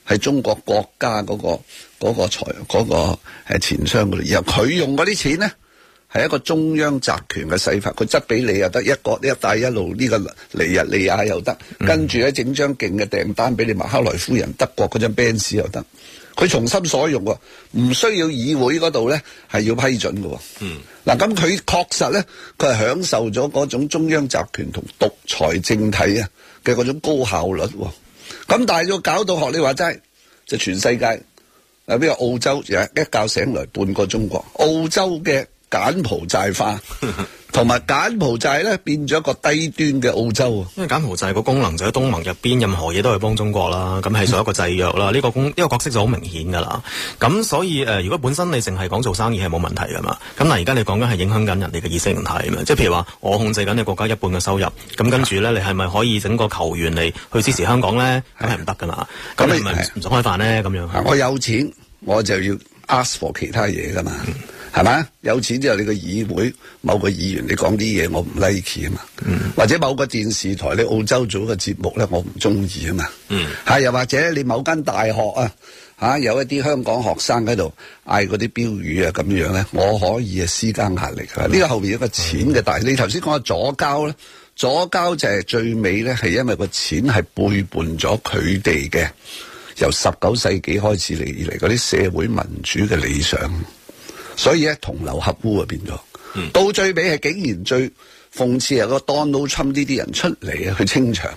係中國國家嗰個嗰個財嗰個誒錢箱嗰度，然後佢用嗰啲錢咧。係一個中央集權嘅洗法，佢執俾你又得一個呢一帶一路呢、這個尼日利亞又得、嗯，跟住咧整張勁嘅訂單俾你馬克萊夫人、嗯、德國嗰張 Benz 又得，佢從心所用喎，唔需要議會嗰度咧係要批准嘅喎。嗯，嗱咁佢確實咧，佢係享受咗嗰種中央集權同獨裁政體啊嘅嗰種高效率喎。咁、啊、但係要搞到學你話齋，就全世界，誒比如澳洲，一一覺醒來，半個中國，澳洲嘅。柬埔寨化，同埋柬埔寨咧變咗一個低端嘅澳洲，因為柬埔寨個功能就喺東盟入邊，任何嘢都係幫中國啦。咁係屬一個制約啦。呢 [LAUGHS] 個呢、這個角色就好明顯噶啦。咁所以誒、呃，如果本身你淨係講做生意係冇問題噶嘛。咁嗱，而家你講緊係影響緊人哋嘅意識問題，啊嘛。即係譬如話，我控制緊你國家一半嘅收入，咁跟住咧，你係咪可以整個球員嚟去支持香港咧？梗係唔得噶啦。咁你唔係唔使開飯咧咁樣。我有錢，我就要 ask for 其他嘢噶嘛。嗯係嘛？有錢之後，你個議會某個議員你講啲嘢，我唔 like 啊嘛。或者某個電視台你澳洲做嘅節目咧，我唔中意啊嘛。又、嗯、或者你某間大學啊，有一啲香港學生喺度嗌嗰啲標語啊，咁樣咧，我可以啊施加壓力。呢、嗯、個後面有一個錢嘅，但、嗯、你頭先講咗左膠咧，左膠就係最尾咧，係因為個錢係背叛咗佢哋嘅由十九世紀開始嚟以嚟嗰啲社會民主嘅理想。所以咧同流合污啊，變咗、嗯，到最尾係竟然最諷刺係個 Donald Trump 呢啲人出嚟啊，去清場，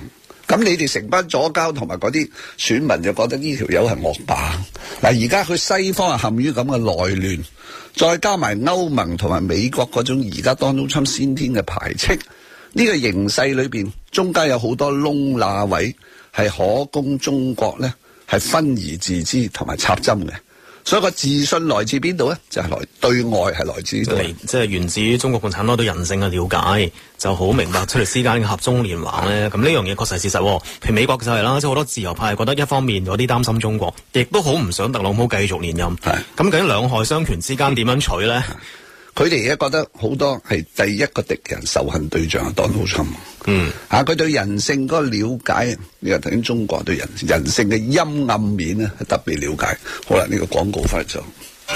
咁你哋成班左膠同埋嗰啲選民就覺得呢條友係惡霸。嗱，而家佢西方啊，陷於咁嘅內亂，再加埋歐盟同埋美國嗰種而家 Donald Trump 先天嘅排斥，呢、呢個形勢裏邊中間有好多窿罅位係可供中國咧，係分而治之同埋插針嘅。所以個自信來自邊度咧？就係、是、來對外係來自即係源自於中國共產黨對人性嘅了解，就好明白出嚟。之間嘅合縱連橫咧，咁 [LAUGHS] 呢樣嘢確實事實。譬如美國就係啦，即係好多自由派係覺得一方面有啲擔心中國，亦都好唔想特朗普繼續連任。係咁，究竟兩害相權之間點樣取咧？ [LAUGHS] [LAUGHS] 佢哋而家覺得好多係第一個敵人仇恨對象啊，當老闆嗯嚇，佢對人性嗰個了解，你話頭先中國對人人性嘅陰暗面咧係特別了解。好啦，呢、這個廣告翻咗、嗯，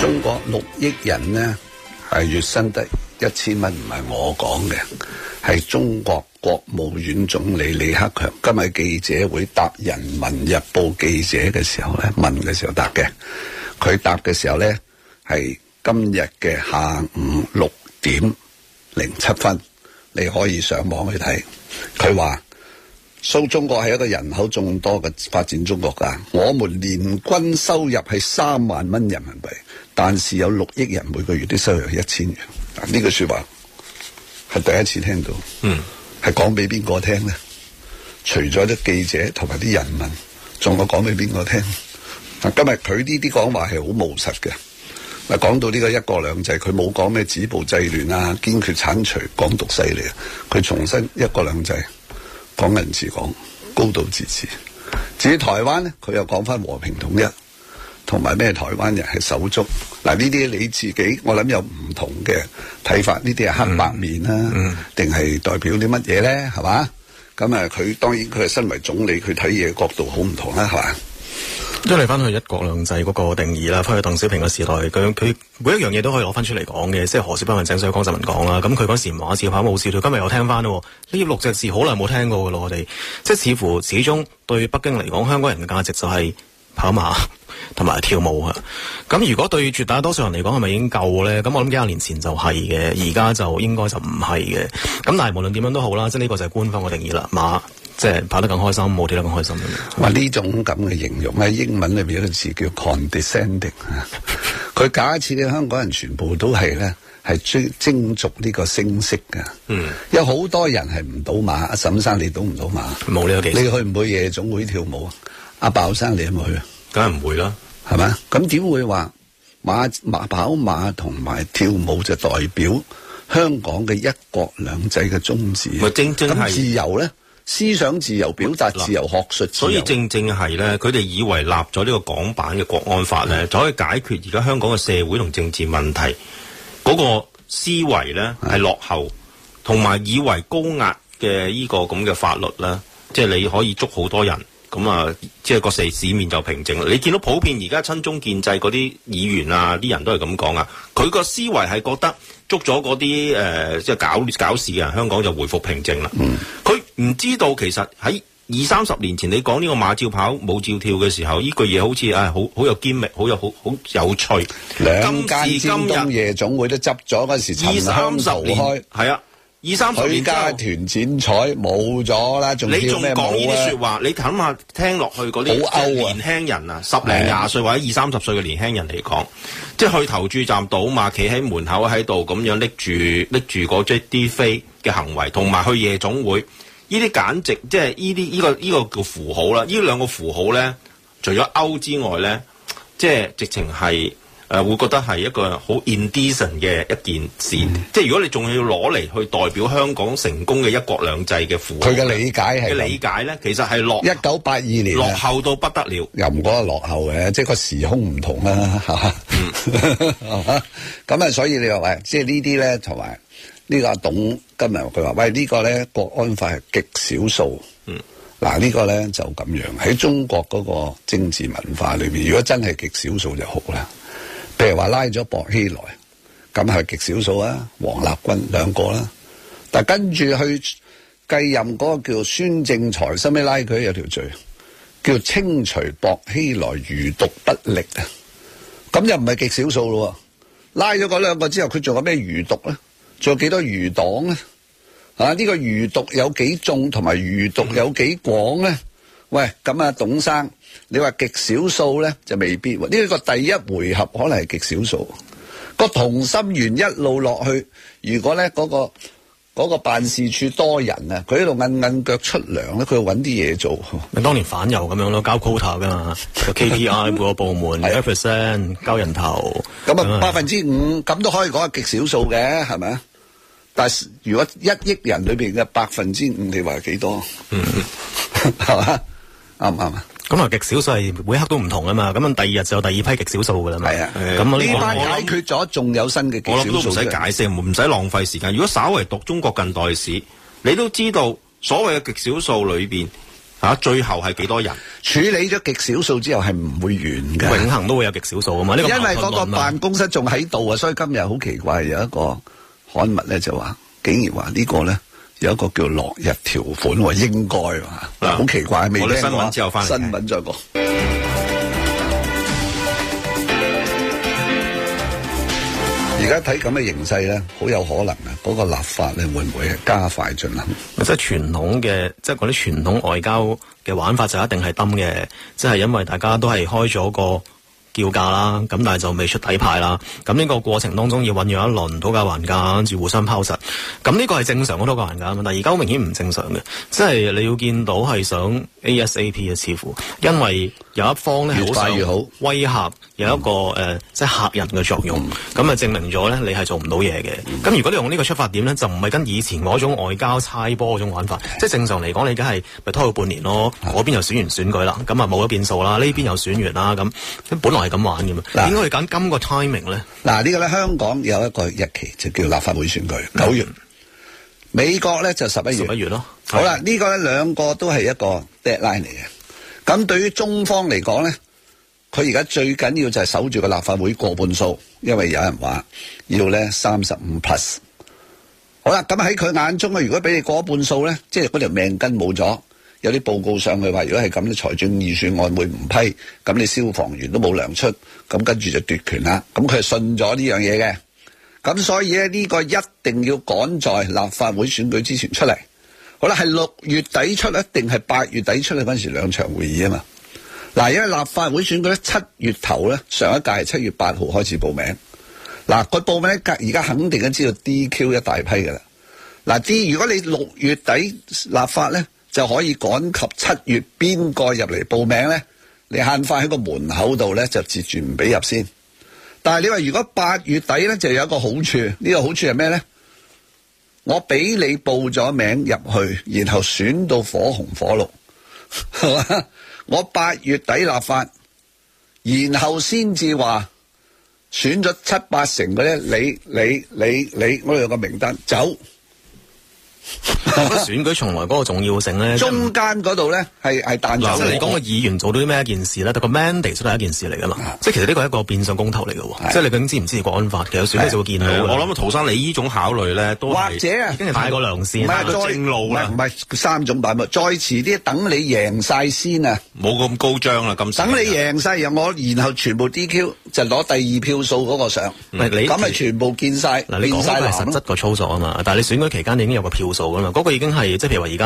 中國六億人咧係月薪得一千蚊，唔係我講嘅，係中國。國務院總理李克強今日記者會答《人民日報》記者嘅時候咧，問嘅時候答嘅，佢答嘅時候咧係今日嘅下午六點零七分，你可以上網去睇。佢話：蘇中國係一個人口眾多嘅發展中國家，我們年均收入係三萬蚊人民幣，但是有六億人每個月啲收入係一千元。嗱，呢句說話係第一次聽到。嗯。係講俾邊個聽咧？除咗啲記者同埋啲人民，仲有講俾邊個聽？嗱，今日佢呢啲講話係好務實嘅。嗱，講到呢個一國兩制，佢冇講咩止暴制亂啊，堅決鏟除港獨勢力啊。佢重新一國兩制，港人治港，高度自治。至於台灣咧，佢又講翻和平統一。同埋咩台灣人係手足嗱？呢啲你自己我諗有唔同嘅睇法，呢啲係黑白面啦，定、嗯、係代表啲乜嘢咧？係嘛？咁啊，佢當然佢係身為總理，佢睇嘢角度好唔同啦，係嘛？再嚟翻去一國兩制嗰個定義啦，翻去鄧小平嘅時代，佢佢每一樣嘢都可以攞翻出嚟講嘅，即係河水不犯井水、江澤民講啦。咁佢嗰時話似話冇笑到，今日我聽翻喎。呢六隻字好耐冇聽過噶，我哋即係似乎始終對北京嚟講，香港人嘅價值就係、是。跑馬同埋跳舞啊！咁如果對絕大多數人嚟講，係咪已經夠咧？咁我諗幾廿年前就係嘅，而家就應該就唔係嘅。咁但係無論點樣都好啦，即係呢個就係官方嘅定義啦。馬即係跑得咁開心，冇跳得咁開心啦。呢種咁嘅形容咧，英文裏面有個詞叫「condescending」。佢假設你香港人全部都係咧係追追逐呢個聲色㗎。嗯，有好多人係唔賭馬，阿沈生你賭唔賭馬？冇呢個，你去唔去夜總會跳舞啊？阿鮑生，你有冇去啊？梗係唔會啦，係咪？咁點會話馬馬跑馬同埋跳舞就代表香港嘅一國兩制嘅宗旨？咪正正係自由咧？思想自由，表達自由，學術自由，所以正正係咧，佢哋以為立咗呢個港版嘅國安法咧，嗯，就可以解決而家香港嘅社會同政治問題。嗰，那個思維咧係落後，同，嗯、埋以為高壓嘅呢個咁嘅法律呢，即、就、係、是、你可以捉好多人。咁啊，即係個市市面就平靜啦。你見到普遍而家親中建制嗰啲議員啊，啲人都係咁講啊。佢個思維係覺得捉咗嗰啲誒，即係搞搞事嘅人，香港就回復平靜啦。佢、嗯、唔知道其實喺二三十年前，你講呢個馬照跑、舞照跳嘅時候，呢句嘢好似啊、哎，好好有堅味，好有好有好，好有趣。今時今日夜總會都執咗嗰陣時，二三十年係啊。二三十，佢家團剪彩冇咗啦，仲、啊、你仲講呢啲說話？啊、你諗下聽落去嗰啲年輕人啊，十零廿歲或者二三十歲嘅年輕人嚟講、嗯，即係去投注站賭馬，企喺門口喺度咁樣拎住拎住嗰隻啲飛嘅行為，同埋去夜總會，呢啲簡直即係呢啲呢個呢、這個叫符號啦。呢兩個符號咧，除咗歐之外咧，即係直情係。誒、呃，會覺得係一個好 indecent 嘅一件事，嗯、即係如果你仲要攞嚟去代表香港成功嘅一國兩制嘅父。佢嘅理解係，嘅理解咧，其實係落一九八二年，落後到不得了，嗯、又唔覺得落後嘅，即係個時空唔同啦、啊，咁啊、嗯 [LAUGHS] 嗯，所以你話喂，即係呢啲咧，同埋呢個阿董今日佢話，喂、這個、呢個咧國安法係極少數，嗯嗱，啊這個、呢個咧就咁樣喺中國嗰個政治文化裏面，如果真係極少數就好啦。譬如話拉咗薄熙來，咁係極少數啊，王立軍兩個啦。但跟住，去繼任嗰個叫孫政才，收尾拉佢，有條罪叫清除薄熙來餘毒不力啊。咁又唔係極少數咯。拉咗嗰兩個之後，佢仲有咩餘毒咧？仲有幾多餘黨咧？啊，呢個餘毒有幾重，同埋餘毒有幾廣咧？喂，咁啊，董生。你話極少數咧就未必呢，這個第一回合可能係極少數個同心圓一路落去，如果咧、那、嗰個嗰、那個辦事處多人啊，佢喺度韌韌腳出糧咧，佢要搵啲嘢做。當年反右咁樣咯，交 quota 噶嘛，KPI 嗰個部門 percent [LAUGHS] 交人頭，咁啊百分之五咁都可以講係極少數嘅，係咪啊？但係如果一億人裏邊嘅百分之五，你話係幾多？嗯， [LAUGHS] 係嘛？啱唔啱啊？咁啊，極少數係每一刻都唔同啊嘛，咁第二日就有第二批極少數噶啦嘛。係啊，咁呢班解決咗，仲有新嘅極少數。我諗都唔使解釋，唔使浪費時間。如果稍微讀中國近代史，你都知道所謂嘅極少數裏邊，啊，最後係幾多人？處理咗極少數之後係唔會完嘅，永恒都會有極少數啊嘛。呢個因為嗰個辦公室仲喺度啊，所以今日好奇怪有一個刊物咧就話，竟然話呢個咧。有一個叫落日條款，應該嗱，好、嗯、奇怪，未？我新聞之後翻新聞再講。而家睇咁嘅形勢咧，好有可能啊！嗰、那個立法咧會唔會係加快進行？即係傳統嘅，即係嗰啲傳統外交嘅玩法就一定係冧嘅。即、就、係、是、因為大家都係開咗個。叫價啦，咁但係就未出底牌啦。咁呢個過程當中要醖釀一輪討價還價，跟住互相拋實。咁呢個係正常嗰個討價還價。咁但係而家明顯唔正常嘅，即係你要見到係想 ASAP 嘅似乎，因為有一方咧越快越好威嚇，有一個、呃、即係嚇人嘅作用。咁啊證明咗咧你係做唔到嘢嘅。咁如果你用呢個出發點咧，就唔係跟以前嗰種外交猜波嗰種玩法。即係正常嚟講，你梗係咪拖佢半年咯？嗰邊又選完選舉啦，咁啊冇咗變數啦。呢邊又選完啦，咁本來係咁玩噶嘛？點解要揀今個 timing 咧？嗱，呢個咧香港有一個日期就叫立法會選舉九月，美國咧就十一十一月咯。好啦，呢個咧兩個都係一個 deadline 嚟嘅。咁對於中方嚟講咧，佢而家最緊要就係守住個立法會過半數，因為有人話要咧三十五 plus。好啦，咁喺佢眼中啊，如果俾你過半數咧，即係嗰條命根冇咗。有啲報告上去話，如果係咁你財政預算案會唔批，咁你消防員都冇糧出，咁跟住就奪權啦。咁佢係信咗呢樣嘢嘅，咁所以咧呢個一定要趕在立法會選舉之前出嚟。好啦，係六月底出，一定係八月底出嚟。嗰陣時兩場會議啊嘛。嗱，因為立法會選舉咧，七月頭咧，上一屆係七月八號開始報名。嗱，佢報名格而家肯定都知道 DQ 一大批㗎啦。嗱，d 如果你六月底立法咧。就可以趕及七月邊個入嚟報名咧？你限快喺個門口度咧就截住唔俾入先。但係你話如果八月底咧就有一個好處，呢個好處係咩咧？我俾你報咗名入去，然後選到火紅火綠， [LAUGHS] 我八月底立法，然後先至話選咗七八成嘅呢。你你你你，嗰度有個名單走。 [LAUGHS] 選舉從來嗰個重要性咧，中間嗰度咧係係彈。嗱，彈就是、說你講個議員做到啲咩一件事咧？得、就是、個 mandate 都係一件事嚟噶喇。即係、啊、其實呢個係一個變相公投嚟喎。即係、啊、你究竟知唔知國安法其實選咧就會見到。啊、我諗啊，陶生，你呢種考慮咧，或者跟住帶個量先，唔係正路呢？唔係三種大物，再遲啲等你贏晒先啊！冇咁高張啦、啊，咁等你贏晒，我然後全部 DQ 就攞第二票數嗰個上，係咁咪全部見晒，見晒係實質個操作啊嘛！但係你選舉期間已經有個票。做噶嘛？嗰個已經係即係譬如話，而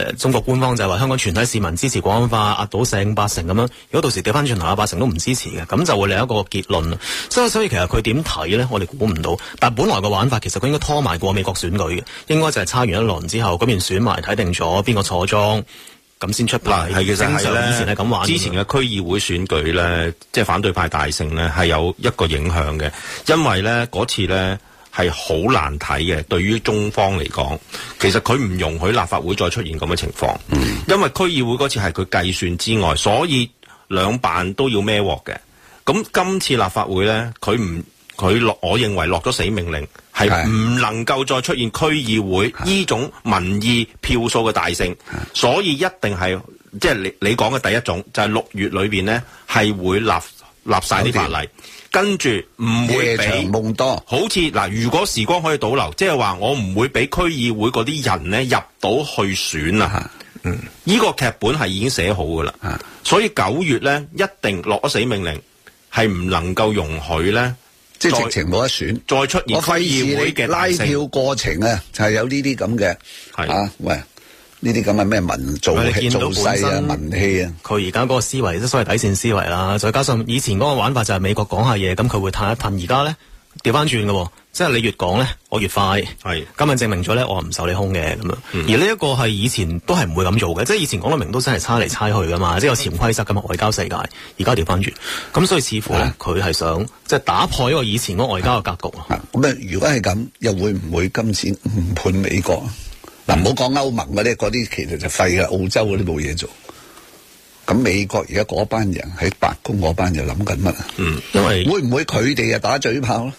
家誒中國官方就係話香港全體市民支持國安法，壓倒性八成咁樣。如果到時掉翻轉頭，阿八成都唔支持嘅，咁就會另一個結論。所以所以其實佢點睇咧？我哋估唔到。但係本來個玩法其實佢應該拖埋過美國選舉嘅，應該就係差完一輪之後，咁便選埋睇定咗邊個坐莊，咁先出牌。係其實係以前係咁玩。之前嘅區議會選舉咧，即係反對派大勝咧，係有一個影響嘅，因為咧嗰次咧。係好難睇嘅，對於中方嚟講，其實佢唔容許立法會再出現咁嘅情況、嗯，因為區議會嗰次係佢計算之外，所以兩辦都要孭鑊嘅。咁今次立法會呢，佢唔佢落，我認為落咗死命令，係唔能夠再出現區議會呢種民意票數嘅大勝，所以一定係即係你你講嘅第一種，就係、是、六月裏邊呢，係會立立晒啲法例。跟住唔會夢多，好似嗱，如果時光可以倒流，即係話我唔會俾區議會嗰啲人咧入到去選啊！嗯，呢個劇本係已經寫好噶啦、嗯，所以九月咧一定落咗死命令，係唔能夠容許咧，即係直情冇得選，再出現區議會嘅拉票過程咧、啊、係、就係、有呢啲咁嘅，係啊，喂。呢啲咁嘅咩民做戲、做勢啊、民氣啊，佢而家嗰個思維即所謂底線思維啦、啊。再加上以前嗰個玩法就係美國講下嘢，咁佢會褪一褪。而家咧調翻轉嘅，即係你越講咧，我越快。係，咁啊證明咗咧，我唔受你控嘅咁樣。嗯、而呢一個係以前都係唔會咁做嘅，即係以前講得明都真係差嚟差去噶嘛。嗯、即係有潛規則嘅外交世界。而家調翻轉，咁所以似乎咧，佢係想即係打破呢個以前嗰個外交嘅格局。咁啊，啊，啊，如果係咁，又會唔會今次誤判美國？嗱、嗯，唔好講歐盟嗰啲，嗰啲其實就廢啦。澳洲嗰啲冇嘢做。咁美國而家嗰班人喺白宮嗰班又諗緊乜啊？嗯，因為會唔會佢哋又打嘴炮咧？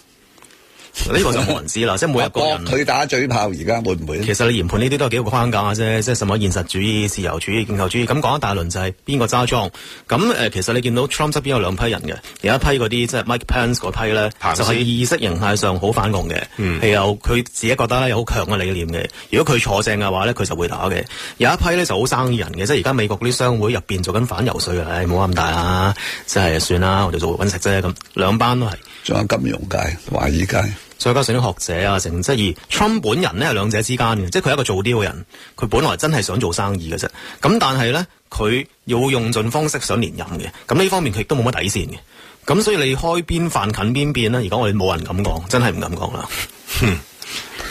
呢 [LAUGHS] 個就冇人知啦，即係每一個人。佢打嘴炮而家會唔會？其實你研判呢啲都係幾個框架啫，即係什麼現實主義、自由主義、建構主義。咁講一大輪就係、是、邊個揸莊。咁誒、呃，其實你見到 Trump 側邊有兩批人嘅，有一批嗰啲即係 Mike Pence 嗰批咧，就係、是、意識形態上好反共嘅，係有佢自己覺得咧有好強嘅理念嘅。如果佢坐正嘅話咧，佢就會打嘅。有一批咧就好生意人嘅，即係而家美國嗰啲商會入邊做緊反遊說嘅。冇、嗯、咁大啊，即係算啦，我哋做搵食啫咁。兩班都係。仲有金融界、華爾街。再加上啲學者啊，成日質疑 Trump 本人咧係兩者之間嘅，即係佢係一個做 deal 嘅人，佢本來真係想做生意嘅啫。咁但係咧，佢要用盡方式想連任嘅。咁呢方面佢亦都冇乜底線嘅。咁所以你開邊飯近邊邊咧？而家我哋冇人敢講，真係唔敢講啦。咁、 [LAUGHS]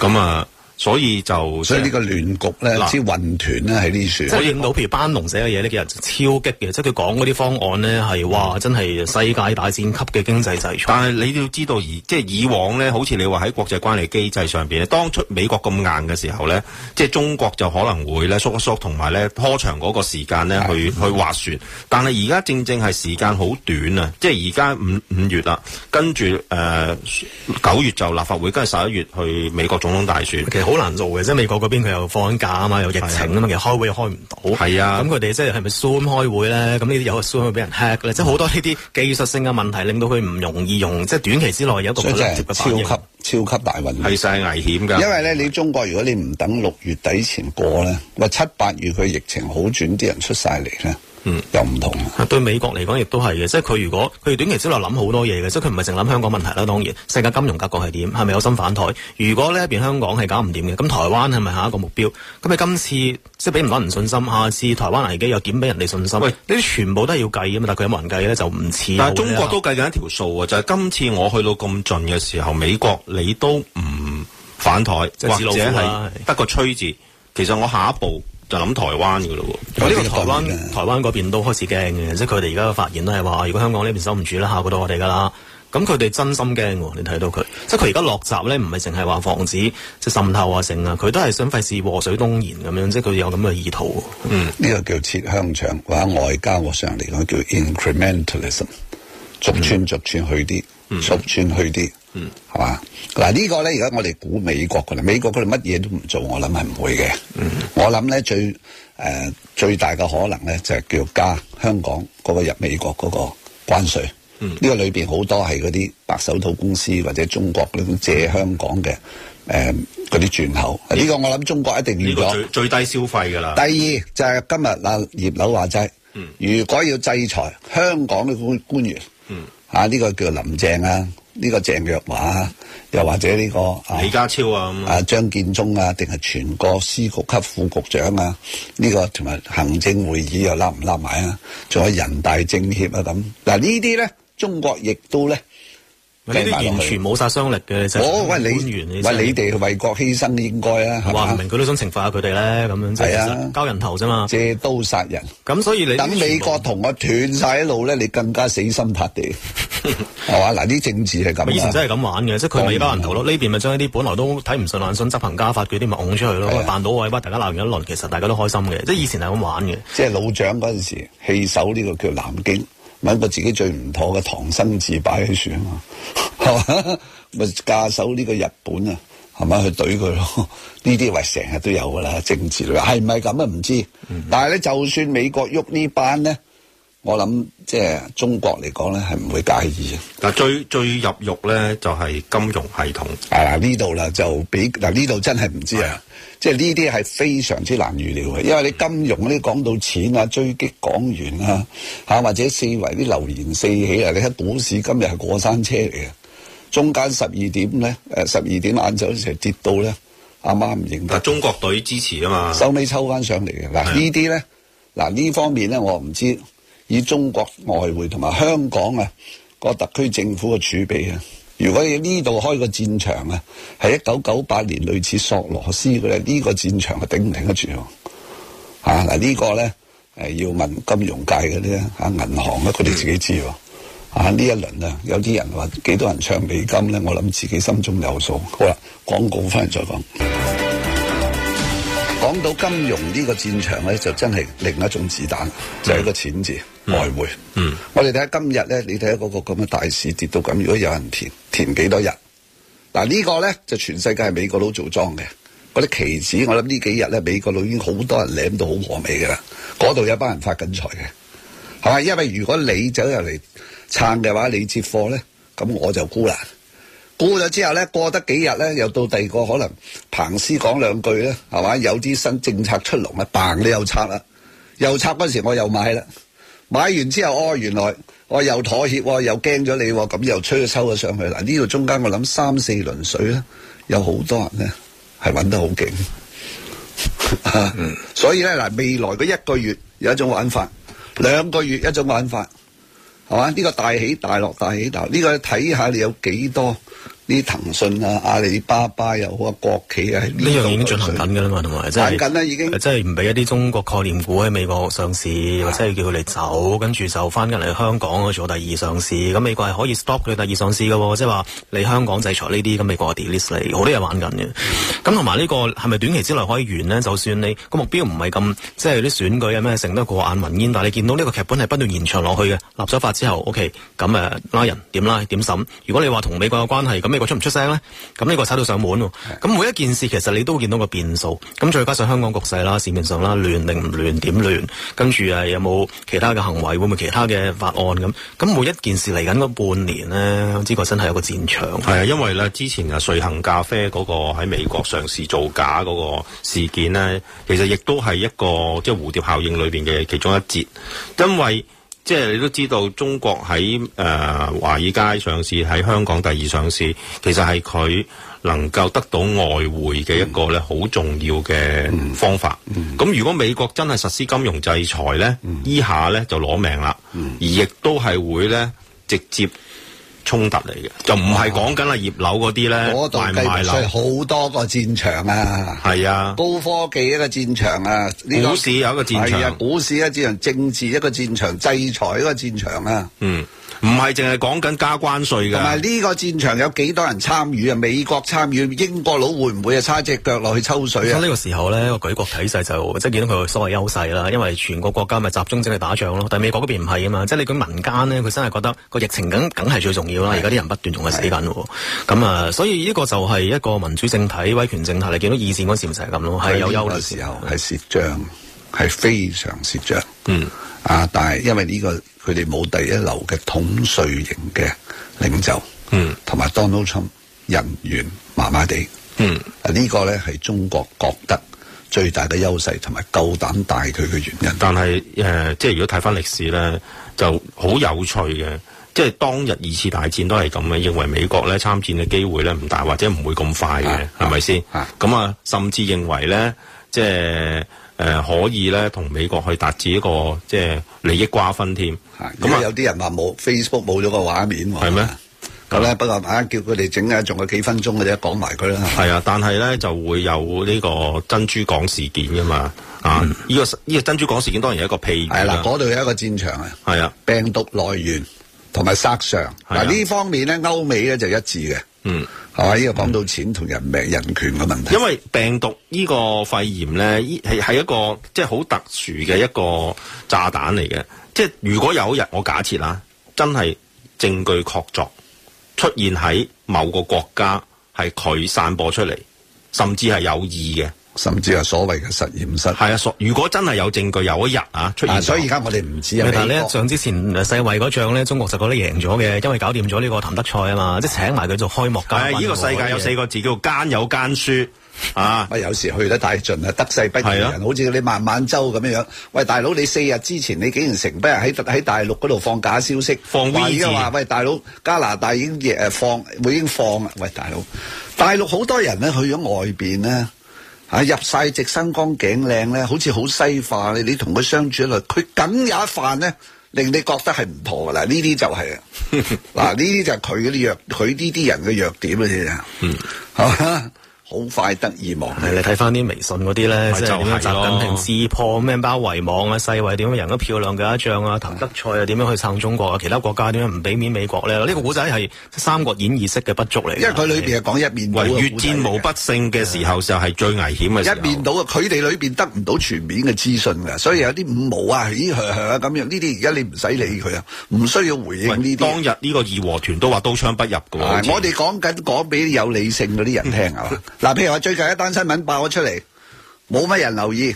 嗯、啊。所以就，所以這個局，呢個亂局咧，啲雲團咧喺呢處。就是、我應到，譬如班農寫嘅嘢呢，叫人超激嘅，即係佢講嗰啲方案呢，係、嗯、話真係世界大戰級嘅經濟制裁、嗯。但係你都要知道，而即係以往呢，好似你話喺國際關係機制上面，當初美國咁硬嘅時候呢，即、就、係、是、中國就可能會咧縮一縮呢，同埋咧拖長嗰個時間呢去、嗯、去划船。但係而家正正係時間好短啊！即係而家五五月啦，跟住誒九月就立法會，跟住十一月去美國總統大選。好難做嘅，即係美國嗰邊佢又放假啊嘛，又疫情啊嘛，其實開會又開唔到。係啊，咁佢哋即係係咪 Zoom 開會咧？咁呢啲有個 Zoom 會俾人 hack 嘅。即係好多呢啲技術性嘅問題，令到佢唔容易用。即係短期之內有一個嘅超級超級大混亂，係晒危險噶。因為咧，你中國如果你唔等六月底前過咧，或七八月佢疫情好轉，啲人出晒嚟咧。嗯，又唔同。對美國嚟講，亦都係嘅，即係佢如果佢短期之內諗好多嘢嘅，即係佢唔係淨諗香港問題啦。當然，世界金融格局係點，係咪有心反台？如果呢一邊香港係搞唔掂嘅，咁台灣係咪下一個目標？咁你今次即係俾唔到人信心，下次台灣危機又點俾人哋信心？喂，呢啲全部都係要計嘅嘛，但佢有冇人計咧就唔似、啊。但係中國都計緊一條數啊，就係、是、今次我去到咁盡嘅時候，美國你都唔反台，是或者係得個吹字，其實我下一步。就諗台灣嘅咯喎，呢個台灣台灣嗰邊都開始驚嘅，即係佢哋而家發現都係話，如果香港呢邊守唔住啦，下個到我哋噶啦。咁佢哋真心驚喎。你睇到佢，即係佢而家落閘咧，唔係淨係話防止即係滲透啊、成啊，佢都係想費事禍水東延咁樣，即係佢有咁嘅意圖。嗯，呢、這個叫切香腸或者外交上嚟講叫 incrementalism，逐寸逐寸去啲、嗯，逐寸去啲。嗯嗯，係嘛嗱？這個、呢個咧，而家我哋估美國噶啦，美國佢哋乜嘢都唔做，我諗係唔會嘅。嗯，我諗咧最誒、呃、最大嘅可能咧就係叫加香港嗰、那個入美國嗰個關稅。嗯，呢、這個裏邊好多係嗰啲白手套公司或者中國嗰種借香港嘅誒嗰啲轉口。呢、嗯這個我諗中國一定要做、這個。最低消費噶啦。第二就係、是、今日阿葉劉話齋，如果要制裁香港嘅官官員，嗯，啊呢、這個叫林鄭啊。呢、這個鄭若驊啊，又或者呢、這個李家超啊，咁啊張建宗啊，定係全國司局級副局長啊，呢、這個同埋行政會議又拉唔拉埋啊？仲有人大政協啊咁嗱，呢啲咧中國亦都咧。佢哋完全冇殺傷力嘅，真、哦、係官員。喂，你哋為國犧牲應該啦。話唔明佢都想懲罰下佢哋咧，咁樣即係交人頭啫嘛。借刀殺人。咁所以你等美國同我斷曬路咧，你更加死心塌地係嘛？嗱， [LAUGHS] 啲政治係咁。以前真係咁玩嘅，即係佢咪包人頭咯。呢邊咪將一啲本來都睇唔順眼、想執行家法嗰啲咪拱出去咯。扮、啊、到位，哇！大家鬧完一輪，其實大家都開心嘅，即係以前係咁玩嘅。即係老蔣嗰陣時，棄守呢個叫南京。揾個自己最唔妥嘅唐生字擺喺樹啊嘛，係嘛？咪駕手呢個日本啊，係咪去懟佢咯？呢啲話成日都有㗎啦，政治類係唔係咁啊？唔知，但係咧，就算美國喐呢班咧。我諗即係中國嚟講咧，係唔會介意嘅。嗱，最最入肉咧就係、是、金融系統。誒、啊，呢度啦就比嗱，呢度真係唔知啊！知啊即係呢啲係非常之難預料嘅，因為你金融嗰啲講到錢啊，追擊港元啊，吓、啊、或者四圍啲流言四起啊！你睇股市今日係過山車嚟嘅，中間十二點咧，誒、啊，十二點晏晝嗰時跌到咧，阿媽唔認得。但中國隊支持啊嘛，收尾抽翻上嚟嘅。嗱、啊，呢啲咧，嗱、啊、呢方面咧，我唔知。以中國外匯同埋香港啊個特區政府嘅儲備啊，如果你呢度開個戰場啊，係一九九八年類似索羅斯嘅呢、呢個戰場是頂頂，係頂唔頂得住啊？嗱、呢個、呢個咧誒要問金融界嗰啲啊，銀行啊佢哋自己知喎。呢一輪啊，輪有啲人話幾多人唱美金咧，我諗自己心中有數。好啦，廣告翻嚟再講。講到金融呢個戰場咧，就真係另一種子彈，就係、是、個錢字。外匯、嗯，嗯，我哋睇下今日咧，你睇下嗰個咁嘅大市跌到咁，如果有人填，填幾多日？嗱、啊這個、呢個咧就全世界係美國佬做莊嘅，嗰啲棋子，我諗呢幾日咧，美國佬已經好多人舐到好和美噶啦，嗰度有班人發緊財嘅，係嘛？因為如果你走入嚟撐嘅話，你接貨咧，咁我就沽啦，沽咗之後咧，過得幾日咧，又到第二個可能彭斯講兩句咧，係嘛？有啲新政策出爐咪，嘭，你又拆啦，又拆嗰時我又買啦。買完之後，哦，原來我、哦、又妥協，又驚咗你，咁、哦、又吹咗抽咗上去。嗱，呢度中間我諗三四輪水咧，有好多人咧係搵得好勁、嗯啊。所以咧嗱，未來嗰一個月有一種玩法，兩個月一種玩法，係嘛？呢、這個大起大落，大起大落，呢、這個睇下你有幾多。啲騰訊啊、阿里巴巴又好啊，國企啊，呢樣、這個、已經進行緊嘅啦嘛，同埋進行緊咧已經，即係唔俾一啲中國概念股喺美國上市，或者要叫佢哋走，跟住就翻緊嚟香港做第二上市。咁美國係可以 stop 佢第二上市嘅，即係話你香港制裁呢啲咁美國 delete 嚟，好多嘢玩緊嘅。咁同埋呢個係咪短期之內可以完呢？就算你個目標唔係咁，即係啲選舉啊咩，成得過眼雲煙，但係你見到呢個劇本係不斷延長落去嘅。立咗法之後，OK，咁誒拉人點拉點審？如果你話同美國有關係，係咁，美國出唔出聲咧？咁呢個踩到上門喎。咁每一件事其實你都見到個變數。咁再加上香港局勢啦、市面上啦、亂定唔亂點亂，跟住啊有冇其他嘅行為？會唔會其他嘅法案咁？咁每一件事嚟緊嗰半年咧，呢個真係有個戰場。係啊，因為咧之前啊瑞幸咖啡嗰個喺美國上市造假嗰個事件呢，其實亦都係一個即係、就是、蝴蝶效應裏邊嘅其中一節，因為。即係你都知道，中國喺誒、呃、華爾街上市，喺香港第二上市，其實係佢能夠得到外匯嘅一個咧好重要嘅方法。咁、嗯嗯、如果美國真係實施金融制裁咧，依、嗯、下咧就攞命啦、嗯，而亦都係會咧直接。衝突嚟嘅，就唔係講緊啊葉劉嗰啲咧，賣賣樓，好多個戰場啊，係啊，高科技一個戰場啊，這個、股市有一個戰場，啊、股市一戰場、啊、股市一戰場，政治一個戰場，制裁一個戰場啊，嗯。唔係淨係講緊加關稅噶同埋呢個戰場有幾多人參與啊？美國參與，英國佬會唔會啊插隻腳落去抽水啊？呢個時候咧，個舉國體制就即係見到佢所謂優勢啦。因為全國國家咪集中精力打仗咯，但係美國嗰邊唔係啊嘛。即係你講民間咧，佢真係覺得個疫情梗梗係最重要啦。而家啲人不斷仲係死緊喎。咁啊、嗯，所以呢個就係一個民主政體、威權政體，你見到二戰嗰時唔成日咁咯，係有優嘅時候，係蝕仗，係非常蝕仗。嗯，啊，但係因為呢個佢哋冇第一流嘅統帥型嘅領袖，嗯，同埋 Donald Trump 人員麻麻地，嗯，啊呢個咧係中國覺得最大嘅優勢，同埋夠膽大佢嘅原因。但係誒、呃，即係如果睇翻歷史咧，就好有趣嘅，即係當日二次大戰都係咁嘅，認為美國咧參戰嘅機會咧唔大，或者唔會咁快嘅，係咪先？啊，咁啊，甚至認為咧，即係。誒、呃、可以咧，同美國去達至一個即係利益瓜分添。咁啊，有啲人話冇 Facebook 冇咗個畫面係咩？咁咧，不過大家叫佢哋整啊，仲有幾分鐘嘅啫，講埋佢啦。係啊，但係咧就會有呢個珍珠港事件㗎嘛、嗯。啊，呢、呢個呢個珍珠港事件當然係一個屁。係啦、啊，嗰度有一個戰場啊。係啊，病毒來源同埋殺傷。嗱、啊，呢、啊、方面咧，歐美咧就一致嘅。嗯，係呢個講到錢同人命，人權嘅問題，因為病毒呢個肺炎咧，係係一個即係好特殊嘅一個炸彈嚟嘅。即係如果有一日我假設啦，真係證據確鑿，出現喺某個國家係佢散播出嚟，甚至係有意嘅。甚至係所謂嘅實驗室，啊！所如果真係有證據，有一日啊出現啊，所以而家我哋唔知啊。但係咧上之前世衛嗰仗咧，中國就覺得贏咗嘅，因為搞掂咗呢個譚德賽啊嘛，即、啊、係、就是、請埋佢做開幕。係、哎、呢、這個世界有四個字叫做奸有奸輸啊！喂、啊，有時去得太盡啊，得勢不仁，好似你孟晚舟咁樣。喂，大佬，你四日之前你竟然成日喺喺大陸嗰度放假消息，放 V 字喂，大佬，加拿大已經誒、啊、放，會已經放啦。喂，大佬，大，大陸好多人咧去咗外邊咧。啊！入晒直身光頸靚咧，好似好西化。你你同佢相處落，佢梗有一飯咧，令你覺得係唔妥噶啦。呢啲就係啊嗱，嗱呢啲就係佢嗰啲弱，佢呢啲人嘅弱點啊，先啊，嗯，係嘛。好快得意忘，就是、忘，係你睇翻啲微信嗰啲咧，就係習近平識破咩包圍網啊、世衛點樣贏得漂亮嘅一仗啊、譚德賽啊，點樣去撐中國啊、其他國家點樣唔俾面美國咧？呢、這個古仔係三國演義式嘅不足嚟，因為佢裏邊係講一面，唯越戰無不勝嘅時候就係最危險嘅。一面倒佢哋裏邊得唔到全面嘅資訊㗎，所以有啲五毛啊、噓噓啊咁樣呢啲，而家你唔使理佢啊，唔、嗯、需要回應呢啲。當日呢個義和團都話刀槍不入㗎。我哋講緊講俾有理性嗰啲人聽啊。嗯嗯嗱，譬如話最近一單新聞爆咗出嚟，冇乜人留意，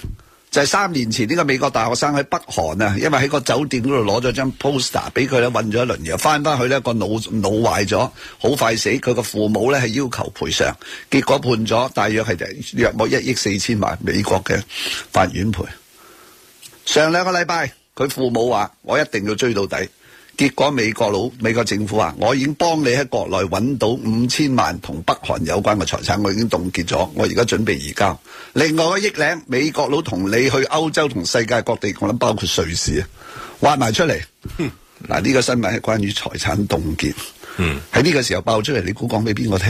就係、是、三年前呢、這個美國大學生喺北韓啊，因為喺個酒店嗰度攞咗張 poster 俾佢咧，韞咗一輪嘢，翻翻去咧個腦腦壞咗，好快死，佢個父母咧係要求賠償，結果判咗大約係約莫一億四千萬美國嘅法院賠。上兩個禮拜，佢父母話：我一定要追到底。結果美國佬美國政府話：我已經幫你喺國內揾到五千萬同北韓有關嘅財產，我已經凍結咗，我而家準備移交。另外一億兩，美國佬同你去歐洲同世界各地，我諗包括瑞士啊，挖埋出嚟。嗱，呢個新聞係關於財產凍結。嗯，喺呢個時候爆出嚟，你估講俾邊個聽？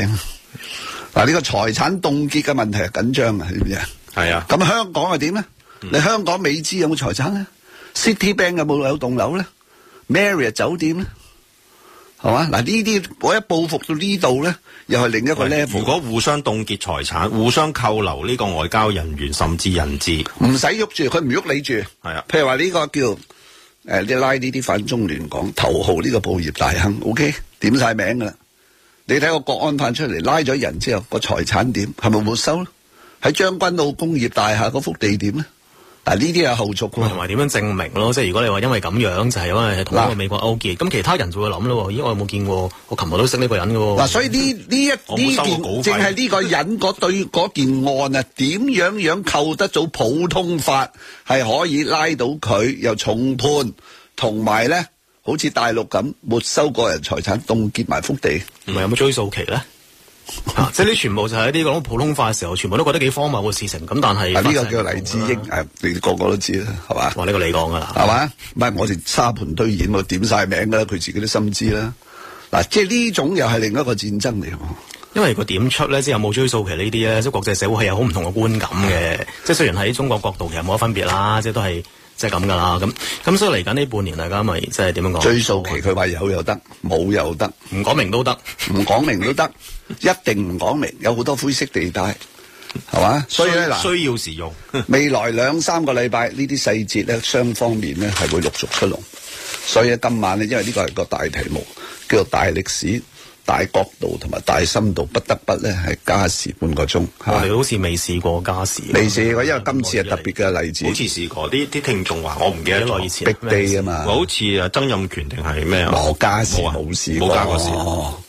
嗱，呢個財產凍結嘅問題係緊張是是是啊，係咪啊？係啊。咁香港係點咧？你香港美資有冇財產咧？City Bank 有冇有棟樓咧？Maria 酒店咧，係嘛？嗱，呢啲我一報復到呢度咧，又係另一個 level。如果互相凍結財產、互相扣留呢個外交人員甚至人質，唔使喐住，佢唔喐你住。係啊，譬如話呢個叫誒，你拉呢啲反中亂港頭號呢個報業大亨，OK，點晒名噶啦？你睇個國安法出嚟，拉咗人之後，個財產點？係咪沒收咧？喺將軍澳工業大廈嗰幅地點咧？嗱呢啲有後續喎，同埋點樣證明咯？即係如果你話因為咁樣就係、是、因為同美國勾結，咁其他人就會諗咯。咦，我有冇見過？我琴日都識呢個人嘅。嗱，所以呢呢一呢件，正係呢個人嗰對嗰件案啊，點樣樣扣得咗普通法係可以拉到佢又重判，同埋咧好似大陸咁沒收個人財產、凍結埋福地，唔係有冇追訴期咧？即係啲全部就係一啲講普通化嘅時候，全部都覺得幾荒謬嘅事情。咁但係，呢、這個叫黎智英，誒，你個個都知啦，係嘛、這個？我呢個你講噶啦，係嘛？唔係我哋沙盤推演，我點晒名噶啦，佢自己都心知啦。嗱，即係呢種又係另一個戰爭嚟。因為個點出咧，即係有冇追溯，其實呢啲咧，即係國際社會係有好唔同嘅觀感嘅。即係雖然喺中國角度其實冇乜分別啦，即係都係。即係咁噶啦，咁咁所以嚟緊呢半年，大家咪即係點樣講？追溯期，佢話有又得，冇又得，唔講明都得，唔講明都得，都 [LAUGHS] 一定唔講明，有好多灰色地帶，係嘛？所以咧嗱，需要時用， [LAUGHS] 未來兩三個禮拜呢啲細節咧，雙方面咧係會陸續出籠。所以今晚咧，因為呢個係個大題目，叫做大歷史。大角度同埋大深度，不得不咧係加時半個鐘。你好似未試過加時。未、哦、試過,、嗯、過，因為今次係特別嘅例子。好似試過啲啲聽眾話，眾我唔記得咗以前。迫低啊嘛，好似阿曾蔭權定係咩羅家士冇試冇加過時，係、哦、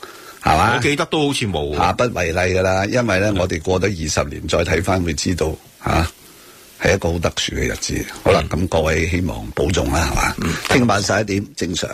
嘛、嗯？我記得都好似冇、啊。下不為例噶啦，因為咧、嗯，我哋過咗二十年再睇翻，會知道吓係、啊、一個好特殊嘅日子。嗯、好啦，咁各位希望保重啦，係嘛？聽、嗯、晚十一點、嗯、正常。